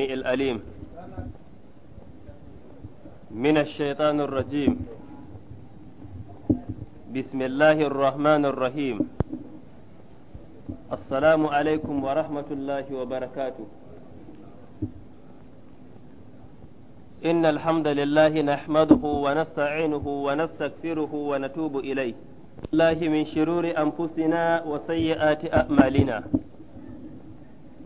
السميع الأليم من الشيطان الرجيم بسم الله الرحمن الرحيم السلام عليكم ورحمة الله وبركاته إن الحمد لله نحمده ونستعينه ونستغفره ونتوب إليه الله من شرور أنفسنا وسيئات أعمالنا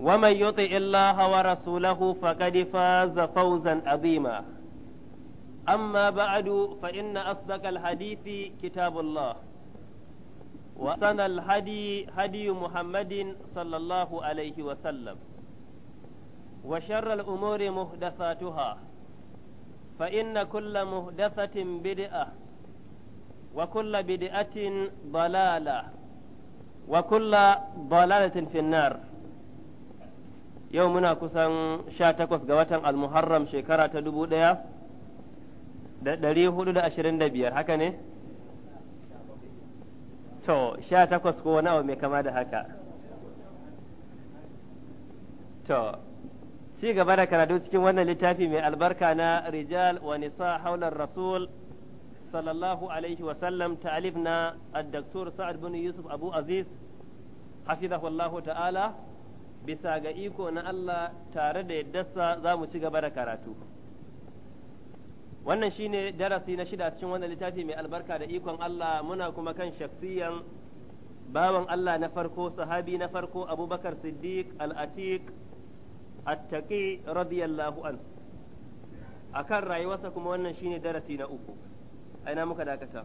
ومن يطع الله ورسوله فقد فاز فوزا عظيما أما بعد فإن أصدق الحديث كتاب الله وسن الهدي هدي محمد صلى الله عليه وسلم وشر الأمور محدثاتها فإن كل محدثة بدعة وكل بدعة ضلالة وكل ضلالة في النار yau muna kusan sha takwas ga watan almuharram shekara ta dubu ɗaya da ɗari hudu da ashirin da biyar haka ne? to sha takwas ko wani abu mai kama da haka to ci gaba da karatu cikin wannan littafi mai albarka na rijal wa nisa haular rasul sallallahu alaihi wasallam ta'alif na addaktur sa'ad bin yusuf abu aziz hafizahullahu ta'ala bisa ga iko na Allah tare da yaddarsa za mu ci gaba da karatu wannan shine darasi na shida cikin wannan littafi mai albarka da ikon Allah muna kuma kan shaksiyan bawan Allah na farko sahabi na farko abubakar siddiq al-atiq attaqi radiyallahu an akan rayuwarsa kuma wannan shine darasi na uku aina muka dakata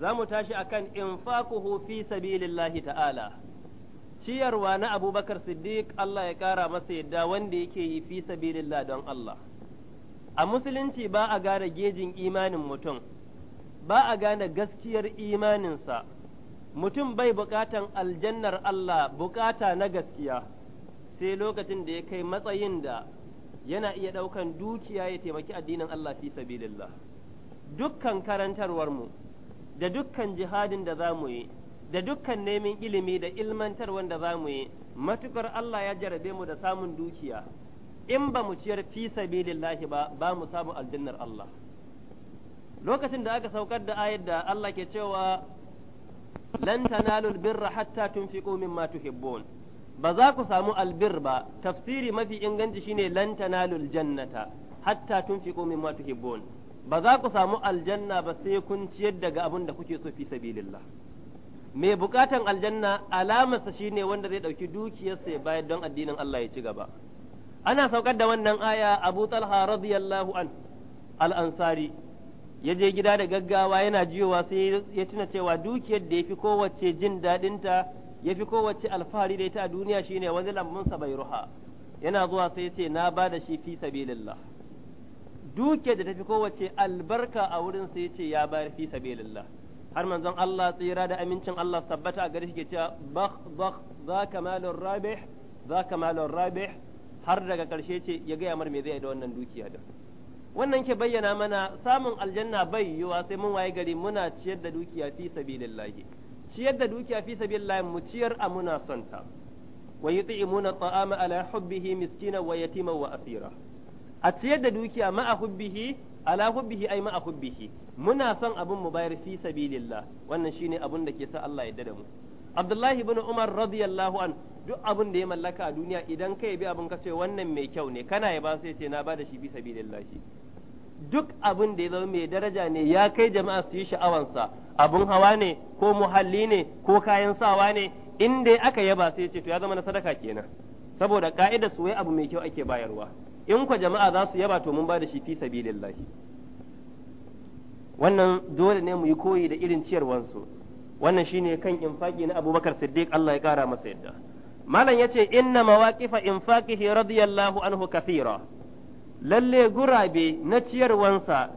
za mu tashi a akan infaquhu fi sabilillahi ta'ala ciyarwa na abubakar siddiq Allah ya ƙara masa yadda wanda yake yi fi sabilillah don Allah a musulunci ba a gane gejin imanin mutum ba a gane gaskiyar imaninsa mutum bai bukatan aljannar Allah bukata na gaskiya sai lokacin da ya kai matsayin da yana iya ɗaukan dukiya ya taimaki addinin Allah fi sabilillah dukkan karantarwar mu da dukkan jihadin da za mu yi da dukkan neman ilimi da ilmantar wanda za mu yi matukar Allah ya jarabe mu da samun dukiya in ba mu ciyar fi sabilillahi ba ba mu samu aljannar Allah lokacin da aka saukar da ayar da Allah ke cewa lan tanalu albirra hatta tunfiqu mimma tuhibbun ba za ku samu albir ba tafsiri mafi inganci shine lan tanalu jannata hatta tunfiqu mimma tuhibbun ba za ku samu aljanna ba sai kun ciyar daga abin da kuke so fi sabilillah mai bukatan aljanna alamarsa shine wanda zai ɗauki dukiyarsa ya bayar don addinin Allah ya ci gaba ana saukar da wannan aya Abu Talha radiyallahu an al-Ansari ya je gida da gaggawa yana jiyowa sai ya tuna cewa dukiyar da yafi kowace jin dadin ta yafi kowace alfahari da ita a duniya shine wani lambunsa bai ruha yana zuwa sai ya ce na bada shi fi sabilillah duke da tafi kowace albarka a wurin sai yace ya bari fi sabilillah har manzon Allah tsira da amincin Allah tabbata a gare shi ke cewa bakh bakh za malur rabih za malur rabih har daga karshe ce ya gaya mar me zai da wannan dukiya da wannan ke bayyana mana samun aljanna bai yiwa sai mun waye gari muna ciyar da dukiya fi sabilillah ciyar da dukiya fi sabilillah mu ciyar a muna son ta wa yut'imuna ta'ama ala hubbihi miskina wa yatima wa asira a ciyar da dukiya ma'a hubbihi ala hubbihi ai ma'a hubbihi muna son abin mu bayar fi sabilillah wannan shine abin da ke sa Allah ya da mu Abdullahi ibn Umar radiyallahu an duk abin da ya mallaka a duniya idan kai bi abin ka ce wannan mai kyau ne kana ya ba sai ce na ba da shi fi sabilillah duk abin da ya zama mai daraja ne ya kai jama'a su yi sha'awansa abun hawa ne ko muhalli ne ko kayan sawa ne in dai aka yaba sai ce to ya zama na sadaka kenan saboda ka'ida su wai abu mai kyau ake bayarwa in kwa jama'a za su yaba to mun ba da shi fi lillahi wannan dole ne mu yi koyi da irin ciyarwansu wannan shine kan infaki na Abubakar Siddiq Allah ya kara masa yadda malam ya yace inna mawaqifa infaqihi radiyallahu anhu kathira lalle gurabe na ciyarwansa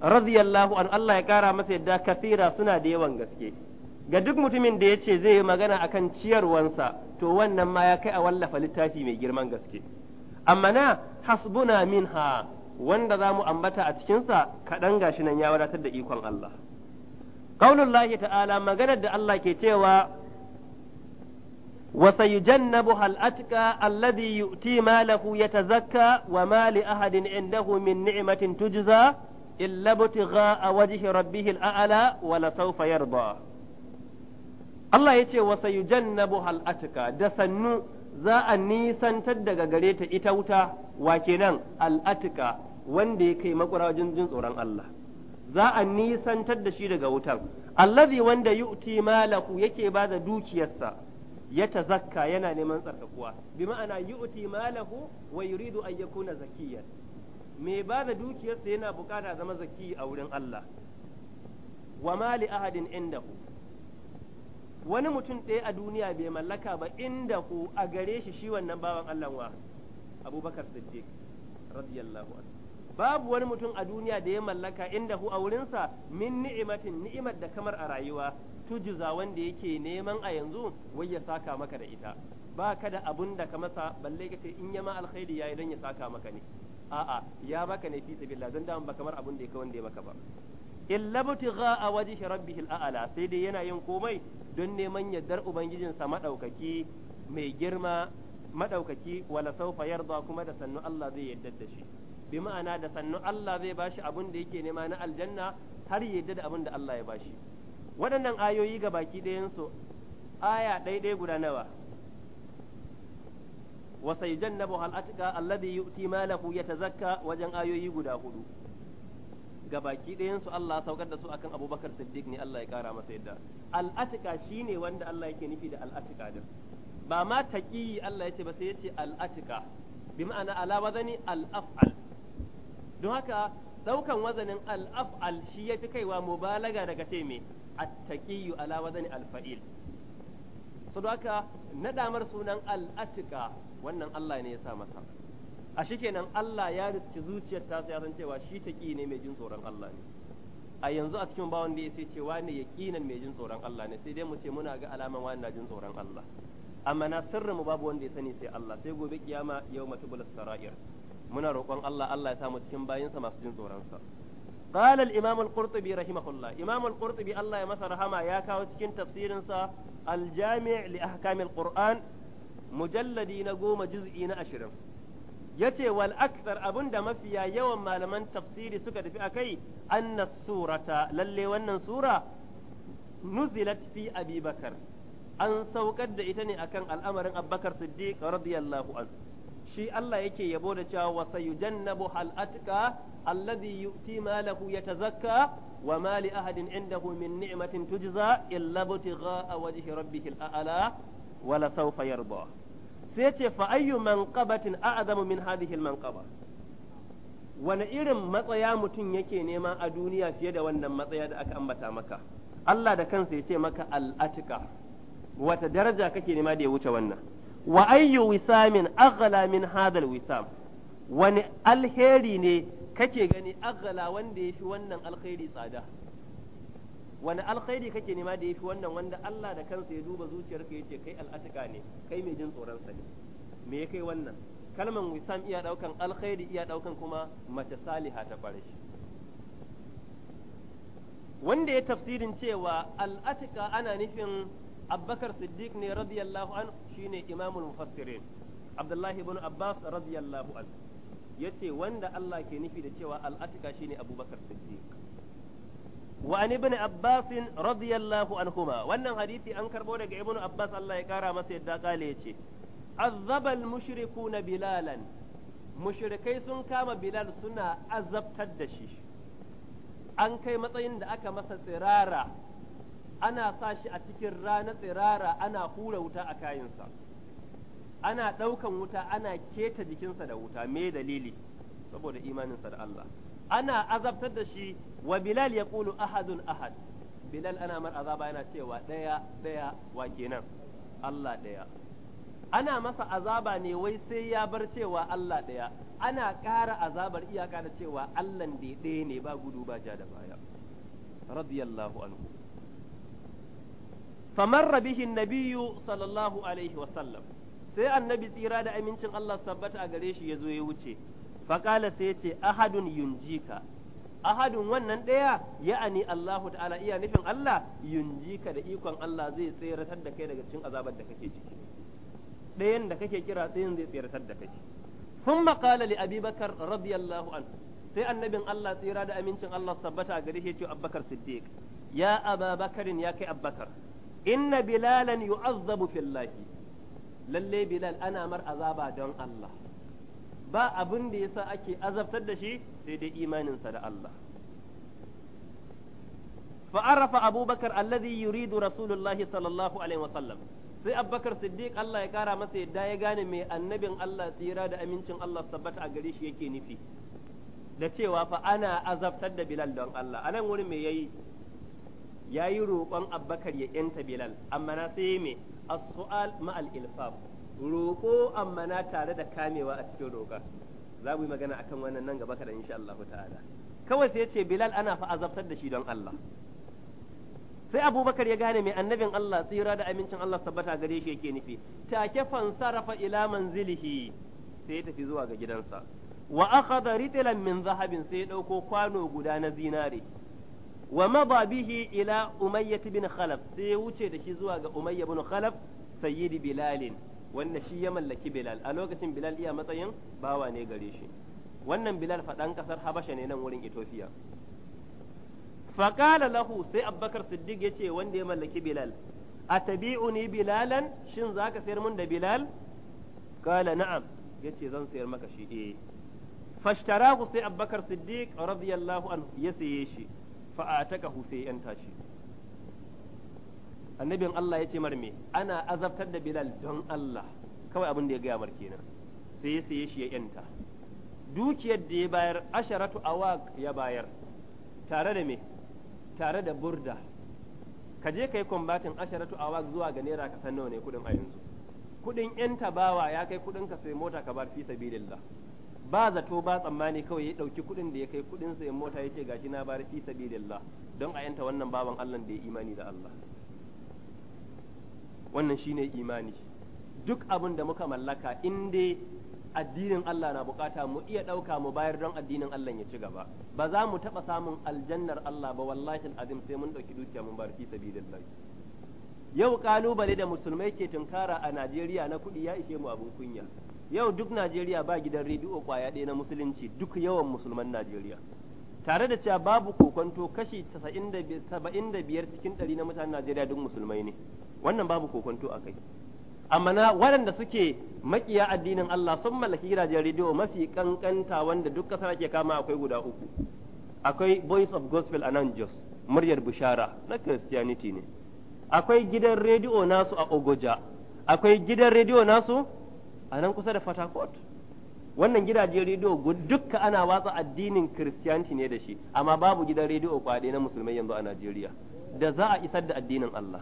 radiyallahu an Allah ya kara masa yadda kathira suna da yawan gaske ga duk mutumin da ya ce zai yi magana akan ciyarwansa to wannan ma ya kai a wallafa littafi mai girman gaske amma na hasbuna minha wanda za mu ambata a cikinsa kaɗan gashi nan ya wadatar da ikon Allah. Allah ta'ala maganar da Allah ke cewa wasa yi janna buhal atika alladhi yu'ti malahu ya ta zakka wa mali ahadin indahu min ni'matin tujza illa butigha a wajihi rabbihi al'ala wa la sawfa Allah ya ce wasa yi janna buhal da sannu za a nisantar daga gare ta ita wuta wa kenan al'atika wanda ya kai makura jin tsoron Allah za a nisantar da shi daga wutan allazi wanda yu'ti malahu yake da dukiyarsa ya ta zakka, yana neman tsarkakuwa bi ma'ana yu'ti malahu wa yuridu an yakuna zakiyan mai da dukiyarsa yana bukata zama zaki a wurin Allah wa mali ahadin indahu wani mutum ɗaya a duniya bai mallaka ba inda ku a gare shi shi wannan bawan Allah wa Abubakar Siddiq radiyallahu anhu babu wani mutum a duniya da ya mallaka inda hu a wurinsa min ni'imatin ni'imar da kamar a rayuwa tujuza wanda yake neman a yanzu wai ya saka maka da ita ba ka da abun da ka masa balle kace in yama alkhairi yayi dan ya saka maka ne a'a ya baka ne fi sabilillah dan da ba kamar abun da yake wanda ya maka ba illa mutiga a waje rabbihil a'ala sai dai yana yin komai don neman yardar ubangijinsa madaukaki mai girma madaukaki wala saufa yarda kuma da sannu Allah zai yarda da shi bi ma'ana da sannu Allah zai bashi abin da yake nema na aljanna har yarda da abin da Allah ya bashi waɗannan ayoyi ga baki ɗayansu aya ɗaiɗai guda nawa wa sayyidannabu hal atqa alladhi yu'ti malahu yatazakka wajen ayoyi guda hudu gabaki ɗayan su Allah saukar da su akan Abubakar Siddiq ne Allah ya kara masa yadda al'atika ne wanda Allah yake nufi da al'atika din ba ma taƙi Allah yace ba sai yace al'atika bi ma'ana ala wazani al'af'al don haka ɗaukan wazanin al'af'al shi ya fi kaiwa mubalaga daga ce me at-taqiyyu ala wazani alfa'il saboda haka nadamar sunan al'atika wannan Allah ne ya sa masa a shi kenan Allah ya riski zuciyar ta ya san cewa shi ta ne mai jin tsoron Allah ne a yanzu a cikin bawon da ya sai cewa ne ya kinan mai jin tsoron Allah ne sai dai mu ce muna ga alaman wani na jin tsoron Allah amma na sirrin mu babu wanda ya sani sai Allah sai gobe kiyama yau bulas sara'ir muna roƙon Allah Allah ya samu cikin bayinsa masu jin tsoron sa قال الإمام القرطبي رحمه الله إمام القرطبي الله يمسى رحمه يا كاو تكين تفسير الجامع لأحكام القرآن goma نقوم na ashirin. yace wal abin da mafiya yawan malaman tafsiri suka tafi akai an surata lalle wannan sura nuzilat fi abi bakar an saukar da ita ne akan al'amarin abbakar siddiq radiyallahu anhu shi Allah yake yabo da cewa wa sayujannabu hal atka alladhi yu'ti malahu yatazakka wa ma li ahadin indahu min ni'matin tujza illa butigha wajhi rabbihil a'la wa la sawfa sai ce fa ayyu manqabatin a'zamu min hadhihi al-manqaba wani irin matsaya mutum yake nema a duniya fiye da wannan matsaya da aka ambata maka Allah da kansa ya ce maka al'atika wata daraja kake nema da ya wuce wannan wa ayyu wisamin aghla min hadhal wisam wani alheri ne kake gani aghla wanda ya fi wannan alheri tsada wani alkhairi kake nema da yafi wannan wanda Allah da kansa ya duba zuciyarka yace kai al'atika ne kai mai jin tsoron sa ne me ya kai wannan kalman wisam iya daukan alkhairi iya daukan kuma mace saliha ta fari. wanda ya tafsirin cewa al'atika ana nufin abbakar siddiq ne radiyallahu an shine imamul mufassirin abdullahi ibn abbas radiyallahu an yace wanda Allah ke nufi da cewa al'atika shine abubakar siddiq wa an ibn abbas radiyallahu anhuma wannan hadisi an karbo daga ibnu abbas Allah ya kara masa yadda kale yace azzabal mushiriku na bilalan mushrikai sun kama bilal suna azabtar da shi an kai matsayin da aka masa tsirara ana sa shi a cikin rana tsirara ana hura wuta a kayansa ana ɗaukan wuta ana keta jikinsa da wuta me dalili saboda imaninsa da Allah ana azabtar da shi wa bilal ya yaqulu ahadun ahad bilal ana mar azaba yana cewa ɗaya ɗaya wa kenan Allah ɗaya ana masa azaba ne wai sai ya bar cewa Allah ɗaya ana ƙara azabar iyaka da cewa Allah da ɗaya ne ba gudu ba ja da baya radiyallahu anhu famarra bihi nabiyyu sallallahu alaihi wa sallam sai annabi tsira da amincin Allah sabbata a gare shi ya zo ya wuce faƙala sai ya ce ahadun yunjika ahadun wannan ɗaya ya'ani Allahu ta'ala iya nufin Allah yunjika da ikon Allah zai tseratar da kai daga cikin azabar da kake ciki ɗayan da kake kira tsayin zai tseratar da kai thumma qala li abi bakar radiyallahu an sai annabin Allah tsira da amincin Allah sabbata gare shi ce Abubakar Siddiq ya Aba Bakarin ya kai Abubakar inna bilalan yu'azzabu fillahi lalle bilal ana mar azaba don Allah ba abin da ya sa ake azabtar da shi sai dai imaninsa da Allah fa'arafa abubakar alladhi yuridu rasulullahi sallallahu alaihi wasallam sai abubakar siddiq Allah ya kara masa yadda ya gane mai annabin Allah tsira da amincin Allah sabbata a gare shi yake nufi da cewa fa ana azabtar da Bilal don Allah anan wurin me yayi yayi roƙon abubakar ya yanta Bilal amma na sai me as-su'al ma'al ilfaq roƙo amma na tare da kamewa a cikin roƙa za mu yi magana akan wannan nan gaba kaɗan insha Allah ta'ala kawai sai ce Bilal ana fa azabtar da shi don Allah sai Abubakar ya gane mai annabin Allah tsira da amincin Allah sabbata gare shi yake nufi take fansarafa ila manzilihi sai ya tafi zuwa ga gidansa wa akhadha ritlan min zahabin sai ya dauko kwano guda na zinare wa mada bihi ila umayyah bin khalaf sai ya wuce da shi zuwa ga umayyah bin khalaf sayyidi bilalin wanda shi ya mallaki Bilal a lokacin Bilal iya matsayin bawa ne gare shi wannan Bilal faɗan ƙasar Habasha ne nan wurin Ethiopia faƙala lahu sai Abubakar Siddiq ya ce wanda ya mallaki Bilal a ni Bilalan shin za ka sayar mun da Bilal kala na'am ya ce zan sayar maka shi eh fashtarahu sai Abubakar Siddiq radiyallahu anhu ya saye shi fa'atakahu sai yanta shi annabin Allah ya ce mar ana azabtar da Bilal don Allah kawai abin da ya gaya mar kenan sai ya saye shi ya yanta dukiyar da ya bayar asharatu awaq ya bayar tare da me tare da burda ka je kai kumbatin asharatu awaq zuwa ga naira ka san nawa ne kudin a yanzu kudin yanta bawa ya kai kudin ka sai mota ka bar fi sabilillah ba zato ba tsammani kawai ya ɗauki kuɗin da ya kai kuɗin sai mota ya ce gashi na bar fi sabilillah don a yanta wannan baban Allah da ya imani da Allah wannan shi ne imani duk abin da muka mallaka in dai addinin Allah na bukata mu iya ɗauka mu bayar don addinin Allah ya ci gaba ba za mu taɓa samun aljannar Allah ba wallahi azim sai mun ɗauki dukiya mun bar fi sabilillah yau kalubale da musulmai ke tunkara a Najeriya na kuɗi ya ishe mu abun kunya yau duk Najeriya ba gidan rediyo kwaya ɗaya na musulunci duk yawan musulman Najeriya tare da cewa babu kokonto kashi 75 cikin 100 na mutanen Najeriya duk musulmai ne wannan babu kokonto a kai amma na waɗanda suke makiya addinin Allah sun mallaki gidajen rediyo mafi kankanta wanda duk kasar ke kama akwai guda uku akwai voice of gospel a nan jos muryar bishara na christianity ne akwai gidan rediyo nasu a ogoja akwai gidan rediyo nasu a nan kusa da fatakot wannan gidajen rediyo dukka ana watsa addinin christianity ne da shi amma babu gidan rediyo kwade na musulmai yanzu a najeriya da za a isar da addinin allah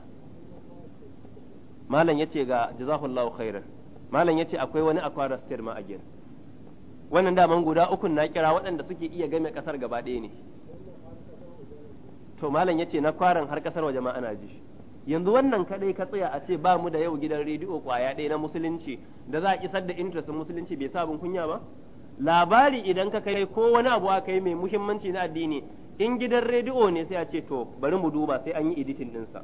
malam yace ga jazakallahu khairan malam yace akwai wani akwara state ma a gen wannan daman guda uku na kira waɗanda suke iya game kasar gaba ɗaya ne to malam yace na kwaran har kasar waje ma ana ji yanzu wannan kadai ka tsaya a ce ba mu da yau gidan rediyo kwaya ɗaya na musulunci da za a isar da interest musulunci bai sabon kunya ba labari idan ka kai ko wani abu a kai mai muhimmanci na addini in gidan rediyo ne sai a ce to bari mu duba sai an yi editing ɗinsa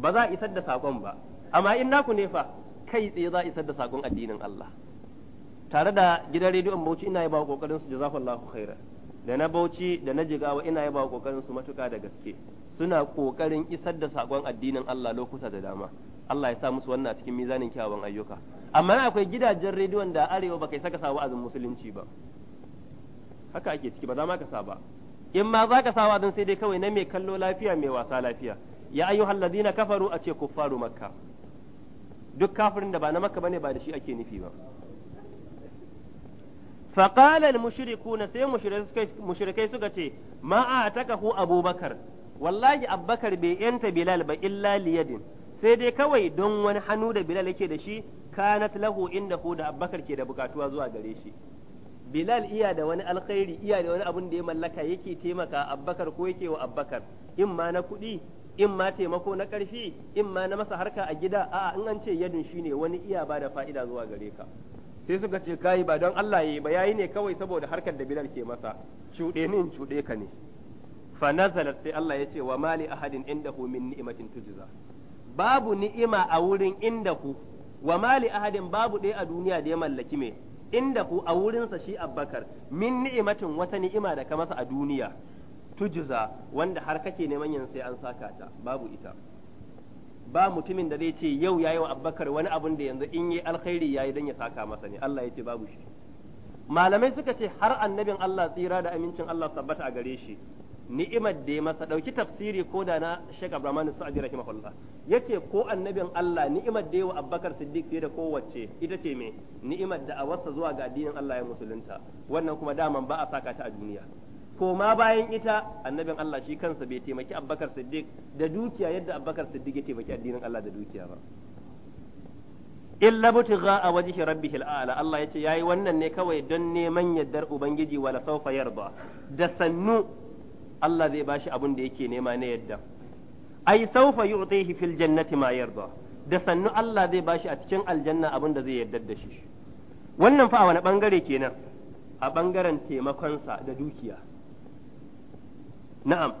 ba za a isar da sakon ba amma in naku ne fa kai tsaye za a isar da sakon addinin Allah tare da gidan rediyon Bauchi ina yi ba kokarin su jazakallahu khaira da na Bauchi da na Jigawa ina ba kokarin su matuka da gaske suna kokarin isar da sakon addinin Allah lokuta da dama Allah ya sa musu wannan cikin mizanin kyawawan ayyuka amma akwai gidajen rediyon da arewa baka saka sa wa'azin musulunci ba haka ake ciki ba za ma ka sa ba in ma za ka sa wa'azin sai dai kawai na mai kallo lafiya mai wasa lafiya ya ayyuhal ladina kafaru a ce kuffaru makka duk kafirin da ba na maka bane ba da shi ake nufi ba faƙalar mushriku na sai mushrikai suka ce ma'a ta abubakar wallahi abubakar bai yanta bilal ba illa liyadin sai dai kawai don wani hannu da bilal yake da shi kanat lahu inda ku da abubakar ke da bukatuwa zuwa gare shi bilal iya da wani alkhairi iya da wani abun da ya mallaka yake taimaka abubakar ko yake wa abubakar in ma na kuɗi in ma taimako na ƙarfi in ma na masa harka a gida a'a in an ce yadin ne wani iya ba da fa'ida zuwa gare ka sai suka ce kai ba don Allah ya yi ba yayi ne kawai saboda harkar da Bilal ke masa cuɗe ni in cuɗe ka ne fa sai Allah ya ce wa mali ahadin indahu min ni'matin tujza babu ni'ima a wurin indahu wa mali ahadin babu ɗaya a duniya da ya mallaki me ku a wurinsa shi Abubakar min ni'imatin wata ni'ima da ka masa a duniya tujza wanda har kake neman yin sai an saka ta babu ita ba mutumin da zai ce yau yayi wa abbakar wani abun da yanzu in yi alkhairi yayi dan ya saka masa ne Allah ya ce babu shi malamai suka ce har annabin Allah tsira da amincin Allah tabbata a gare shi ni'imar da ya masa dauki tafsiri ko da na Sheikh Abdurrahman Sa'di rahimahullah yace ko annabin Allah ni'imar da ya wa Abubakar Siddiq fiye da kowace ita ce mai ni'imar da a wasa zuwa ga addinin Allah ya musulunta wannan kuma daman ba a saka ta a duniya koma bayan ita annabin Allah shi kansa bai taimaki Abubakar Siddiq da dukiya yadda Abubakar Siddiq ya taimaki addinin Allah da dukiya ba illa butiga a wajhi rabbihil a'la Allah yace yayi wannan ne kawai don neman yaddar ubangiji wala saufa yarda da sannu Allah zai bashi abin da yake nema na yadda ai sawfa yu'tihi fil jannati ma yarda da sannu Allah zai bashi a cikin aljanna abin da zai yaddar da shi wannan fa a wani bangare kenan a bangaren taimakonsa da dukiya na'am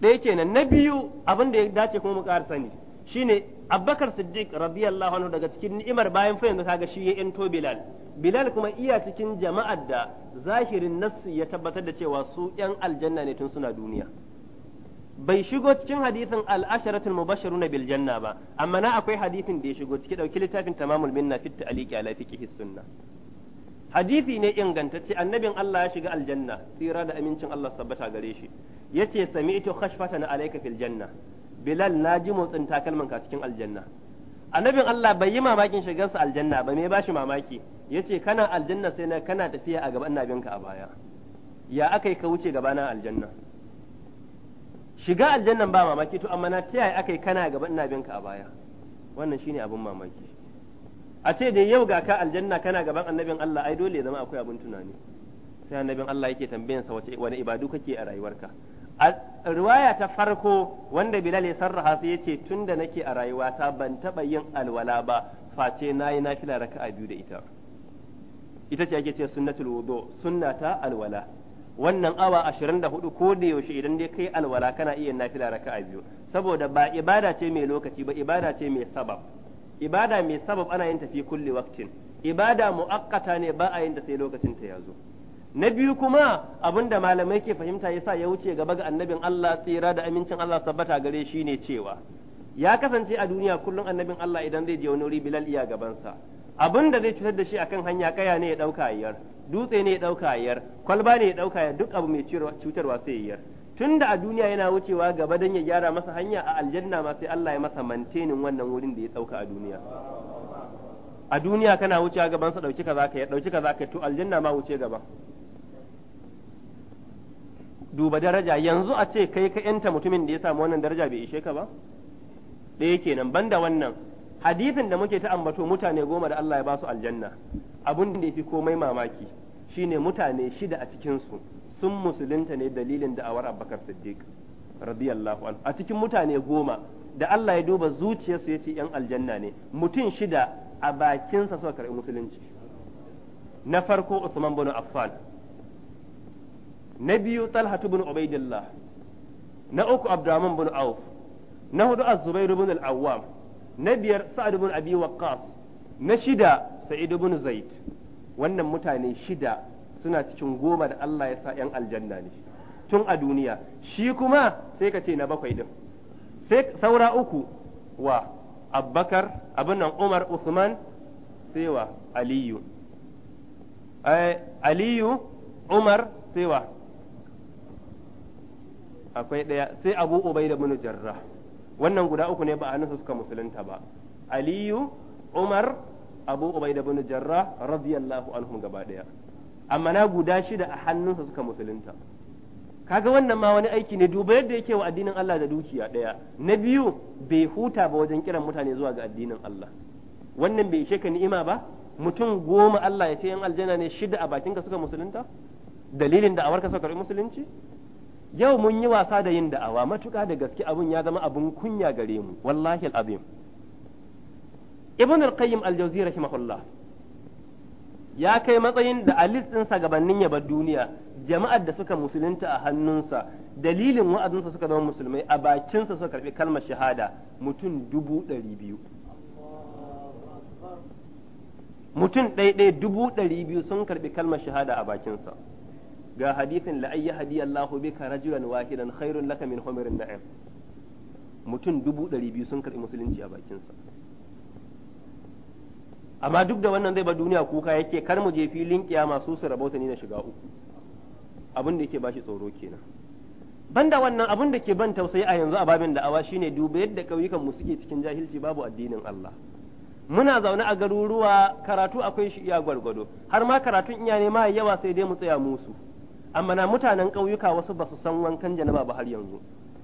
ɗaya kenan na biyu abin da ya dace kuma mu ƙara sani shine Abubakar Siddiq radiyallahu anhu daga cikin ni'imar bayan fa yanzu kaga shi ya yanto Bilal Bilal kuma iya cikin jama'ar da zahirin nasu ya tabbatar da cewa su yan aljanna ne tun suna duniya bai shigo cikin hadithin al-asharatul mubashiruna bil janna ba amma na akwai hadithin da ya shigo ciki ɗauki littafin tamamul minna fit aliki ala fiqhi sunna hadisi ne ingantacce annabin Allah ya shiga aljanna tsira da amincin Allah sabbata gare shi yace sami'tu khashfatan alayka fil janna bilal naji motsin takalman ka cikin aljanna annabin Allah bai yi mamakin shigarsa aljanna ba me bashi mamaki yace kana aljanna sai na kana tafiya a gaban annabinka a baya ya akai ka wuce gabana aljanna shiga aljannan ba mamaki to amma na ta akai kana gaban annabinka a baya wannan shine abun mamaki a ce dai yau ga ka aljanna kana gaban annabin Allah ai dole ya zama akwai abin tunani sai annabin Allah yake sa wace wani ibadu kake a rayuwarka a riwaya ta farko wanda Bilal ya sarraha sai yace tunda nake a rayuwa ta ban taba yin alwala ba face nayi nafila raka'a biyu da ita ita ce ake ce sunnatul wudu sunnata alwala wannan awa 24 ko da yaushe idan dai kai alwala kana iya nafila raka'a biyu saboda ba ibada ce mai lokaci ba ibada ce mai sabab ibada mai sabab ana yin tafi kulle kulli ibada muakkata ne ba a yin ta sai lokacin ta zo na biyu kuma da malamai ke fahimta yasa ya wuce gaba ga annabin Allah tsira da amincin Allah sabbata gare shi ne cewa ya kasance a duniya kullum annabin Allah idan zai je wani wuri Bilal iya gabansa abin da zai cutar da shi akan hanya kaya ne ya dauka yar dutse ne ya dauka yar kwalba ne ya dauka yar duk abu mai cutarwa sai yar tun da a duniya yana wucewa gaba dan ya gyara masa hanya a aljanna ma sai Allah ya masa mantenin wannan wurin da ya dauka a duniya a duniya kana wucewa gaban sa dauki kaza ka ya dauki kaza ka to aljanna ma wuce gaba duba daraja yanzu a ce kai ka yanta mutumin da ya samu wannan daraja bai ishe ka ba ɗaya kenan banda wannan hadisin da muke ta ambato mutane goma da Allah ya ba su aljanna abun da ya yafi komai mamaki shine mutane shida a cikin su sun musulunta ne dalilin da'awar Abubakar Siddiq radiyallahu anhu a cikin mutane goma da Allah ya duba zuciyarsu ya ce yan aljanna ne mutum shida a bakinsa suka karɓi musulunci na farko Usman bin Affan na biyu Talha bin Ubaidillah na uku Abdurrahman bin Auf na hudu Az-Zubair bin Al-Awwam na biyar Sa'ad bin Abi Waqqas na shida Sa'id bin Zaid wannan mutane shida suna cikin goma da Allah ya sa ‘yan aljanna ne tun a duniya shi kuma sai ka ce na bakwai din sai saura uku wa abbakar abin nan umar usman sai wa aliyu eh, aliyu umar sai wa akwai ɗaya sai abu ubai da mini jarra wannan guda uku ne ba a nasa suka musulunta ba aliyu umar abu ubai da mini jarra radiyallahu anhu gaba ɗaya amana guda shida a hannunsa suka musulunta kaga wannan ma wani aiki ne duba yadda yake wa addinin Allah da dukiya daya na biyu bai huta ba wajen kiran mutane zuwa ga addinin Allah wannan bai ishe ka ni'ima ba mutum goma Allah ya ce yan aljanna ne shida a bakinka suka musulunta dalilin warka ka suka musulunci yau mun yi wasa da yin da'awa matuƙa da gaske abun ya zama abun kunya gare mu wallahi al'azim ibn al-qayyim al-jawzi rahimahullah ya kai matsayin da a listinsa gabanin ya bar duniya jama'ar da suka musulunta a hannunsa dalilin wa'azinsa suka zama musulmai a bakinsa suka karbi kalmar shahada mutum dubu ɗari biyu mutum ɗaiɗai dubu ɗari biyu sun karbi kalmar shahada a bakinsa ga hadithin la ayyi hadi bi ka rajulan wahidan khairun laka min humirin na'im mutum dubu ɗari biyu sun karbi musulunci a bakinsa amma duk da wannan zai ba duniya kuka yake kar mu je filin kiyama su su rabauta ni na shiga uku abin da yake bashi tsoro kenan banda wannan abin da ke ban tausayi a yanzu a babin da'awa shine duba yadda kauyukan mu suke cikin jahilci babu addinin Allah muna zaune a garuruwa karatu akwai shi iya gwargwado har ma karatun iya ne ma yawa sai dai mu tsaya musu amma na mutanen ƙauyuka wasu ba su san wankan janaba ba har yanzu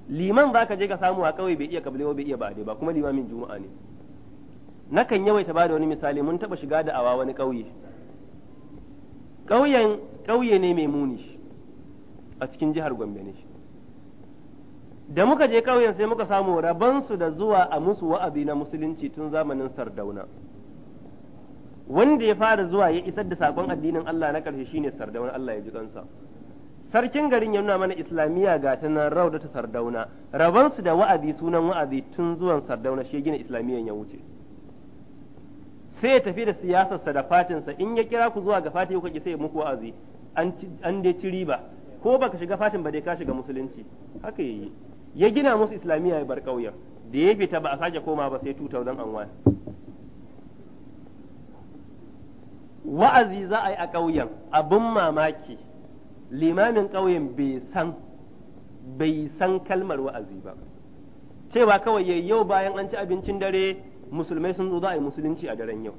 liman zaka je ka samu a kauye bai iya kabile bai iya ba'ade ba kuma limamin juma'a ne nakan yawaita ba da wani misali mun taɓa shiga da awa wani ƙauye ƙauyen ƙauye ne mai muni a cikin jihar gombe ne da muka je ƙauyen sai muka samu rabansu da zuwa a musu wa'azi na musulunci tun zamanin sardauna wanda ya fara zuwa ya isar da sakon addinin Allah na ƙarshe shine sardauna Allah ya ji kansa sarkin garin ya nuna mana islamiyya ga ta nan rauda ta sardauna rabansu da wa'azi sunan wa'azi tun zuwan sardauna shi gina islamiyyan ya wuce sai ya tafi da siyasarsa da fatinsa in ya kira ku zuwa ga fati ku ki sai muku wa'azi an dai ci ba ko baka shiga fatin ba dai ka shiga musulunci haka yayi ya gina musu islamiyya ya bar ƙauyen da ya fita ba a sake koma ba sai anwa wa'azi za a yi a kauyen abin mamaki limamin kauyen bai san bai san kalmar wa'azi ba cewa kawai yau bayan an ci abincin dare musulmai sun zo za a yi musulunci a daren yau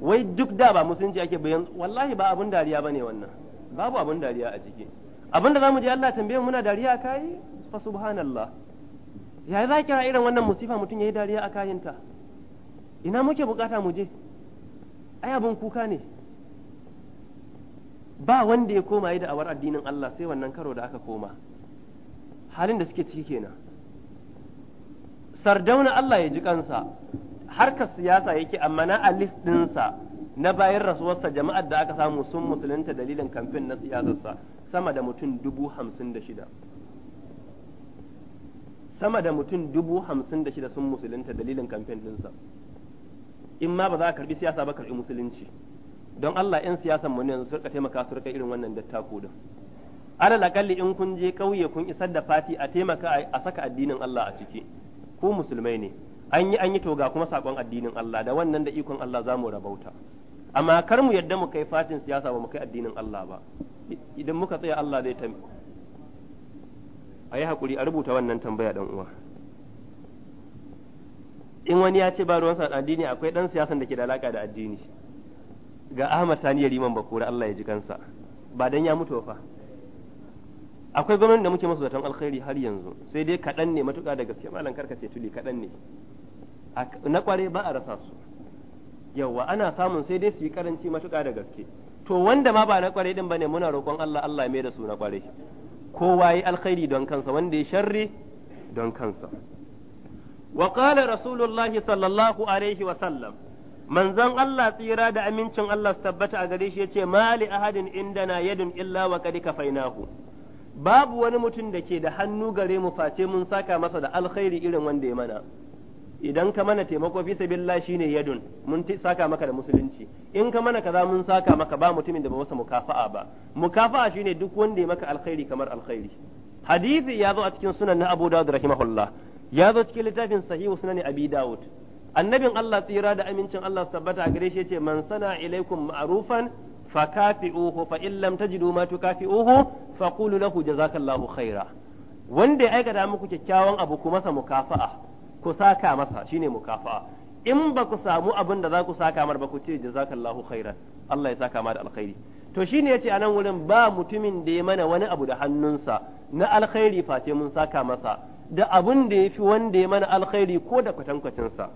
wai duk da ba musulunci ake bayan wallahi ba abun dariya ba ne wannan babu abun dariya a ciki abin da mu je Allah tambaye muna dariya kai fa subhanallah ya za kira irin wannan musifa mutum yayi dariya a kayinta ina muke bukata mu je ai abun kuka ne ba wanda ya koma yi da awar addinin Allah sai wannan karo da aka koma halin da suke ciki kenan sardauna Allah ya ji kansa harkar siyasa yake amma na a list ɗinsa na bayan rasuwarsa jama'ar da aka samu sun musulunta dalilin kamfen na siyasarsa sama da mutum dubu hamsin da shida sama da mutum dubu hamsin da shida sun musulunta dalilin kamfen dinsa in ma ba za a karbi siyasa ba karbi musulunci don Allah 'yan siyasan mu ne yanzu surka taimaka su rika irin wannan dattako din alal akalli in kun je kauye kun isar da fati a taimaka a saka addinin Allah a ciki ku musulmai ne an yi an yi to kuma sakon addinin Allah da wannan da ikon Allah za mu rabauta amma kar mu yadda mu kai fatin siyasa ba mu kai addinin Allah ba idan muka tsaya Allah zai tambi a yi hakuri a rubuta wannan tambaya dan uwa in wani ya ce ba ruwan da addini akwai dan siyasan da ke da alaka da addini ga Ahmad Sani Yariman Bakura Allah ya ji kansa ba dan ya mutu fa akwai gwamnati da muke masu zaton alkhairi har yanzu sai dai kaɗan ne matuƙa da gaske malam karka ce tuli kaɗan ne na ƙware ba a rasa su yawa ana samun sai dai su yi karanci matuƙa da gaske to wanda ma ba na ƙware din bane muna roƙon Allah Allah mai da su na ƙware kowa yi alkhairi don kansa wanda ya sharri don kansa wa qala rasulullahi sallallahu alaihi wa sallam manzon Allah tsira da amincin Allah su tabbata a gare shi yace mali ahadin indana yadun illa wa qad kafainahu babu wani mutum da ke da hannu gare mu face mun saka masa da alkhairi irin wanda ya mana idan ka mana taimako fi sabilillah shine yadun mun saka maka da musulunci in ka mana kaza mun saka maka ba mutumin da ba masa mukafa'a ba mukafa'a shine duk wanda ya maka alkhairi kamar alkhairi hadisi ya zo a cikin sunan na Abu Dawud rahimahullah ya zo cikin littafin sahihu sunan Abi Dawud annabin Allah tsira da amincin Allah su tabbata a gare shi yace man sana ilaikum ma'arufan. fakafi'uhu fa in lam tajidu ma tukafi'uhu fa qulu lahu jazakallahu khaira wanda ya aikata muku kyakkyawan abu ku masa mukafa'a ku saka masa shine mukafa'a in ba ku samu abin da za ku saka mar ba ku ce jazakallahu khairan Allah ya saka ma da alkhairi to shine yace anan wurin ba mutumin da ya mana wani abu da hannunsa na alkhairi face mun saka masa da abun da yafi wanda ya mana alkhairi ko da kwatankwacin sa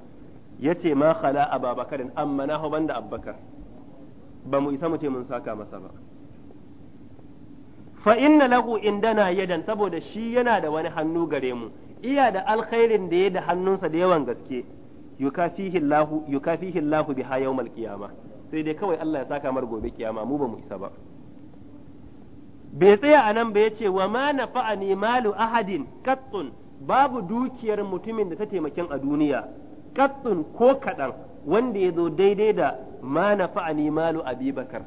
yace ma khala ababakarin amma na da abbakar ba mu isa mu ce mun saka masa ba fa inna lahu indana yadan saboda shi yana da wani hannu gare mu iya da alkhairin da ya da hannunsa da yawan gaske yukafihi Allah yukafihi Allahu biha yawmal qiyama sai dai kawai Allah ya saka mar gobe kiyama mu ba mu isa ba bai tsaya a nan ba ya ce wa ma nafa'ani malu ahadin qattun babu dukiyar mutumin da ta taimakin a duniya qattun ko kadan wanda ya zo daidai da ma na fa'ani malu abi bakar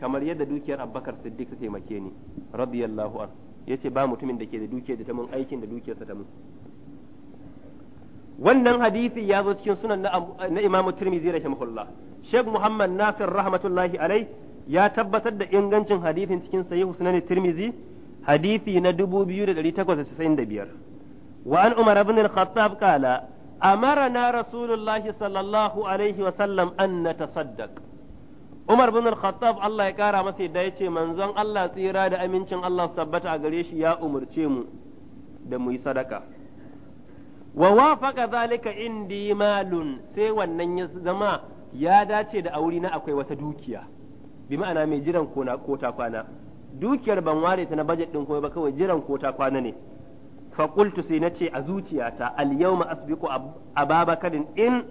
kamar yadda dukiyar abubakar siddiq ta taimake ni radiyallahu an ce ba mutumin da ke da dukiyar da ta mun aikin da dukiyarsa ta mun wannan hadisi ya zo cikin sunan na Imam Tirmidhi rahimahullah Sheikh Muhammad Nasir rahmatullahi alai ya tabbatar da ingancin hadisin cikin sahihu sunan Tirmidhi hadisi na 2895 wa an Umar ibn al-Khattab kala na rasulullahi sallallahu alaihi wasallam an na tasaddaq Umar bin Al-Khattab Allah ya kara masa da ya ce manzon Allah tsira da amincin Allah sabbata a gare shi ya umarce mu da mu yi sadaka wa wafaqa zalika indi malun sai wannan ya zama ya dace da auri na akwai wata dukiya bi ma'ana mai jiran ko ta kwana dukiyar ban ware ta na bajet din kuma ba kawai jiran ko ta kwana ne faƙultu sai na ce a zuciyata al-yawma asbiqu ababakarin in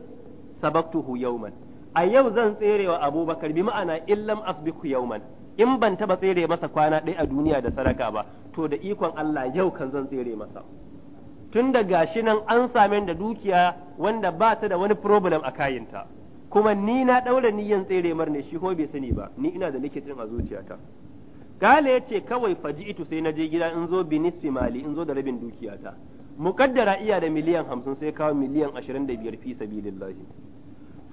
sabaktuhu yawman a yau zan tserewa abubakar bi ma'ana illan asbiqu yawman in ban taba tsere masa kwana ɗaya a duniya da sadaka ba to da ikon Allah yau kan zan tsere masa tun da gashi nan an same da dukiya wanda ba ta da wani problem a kayinta kuma ni na ɗaura niyan tsere marne ne shi ko bai sani ba ni ina da likitin a zuciyata kale ya ce kawai faji itu sai na je gida in zo bi mali in zo da rabin dukiyata mukaddara iya da miliyan hamsin sai kawo miliyan ashirin da biyar fi sabilillahi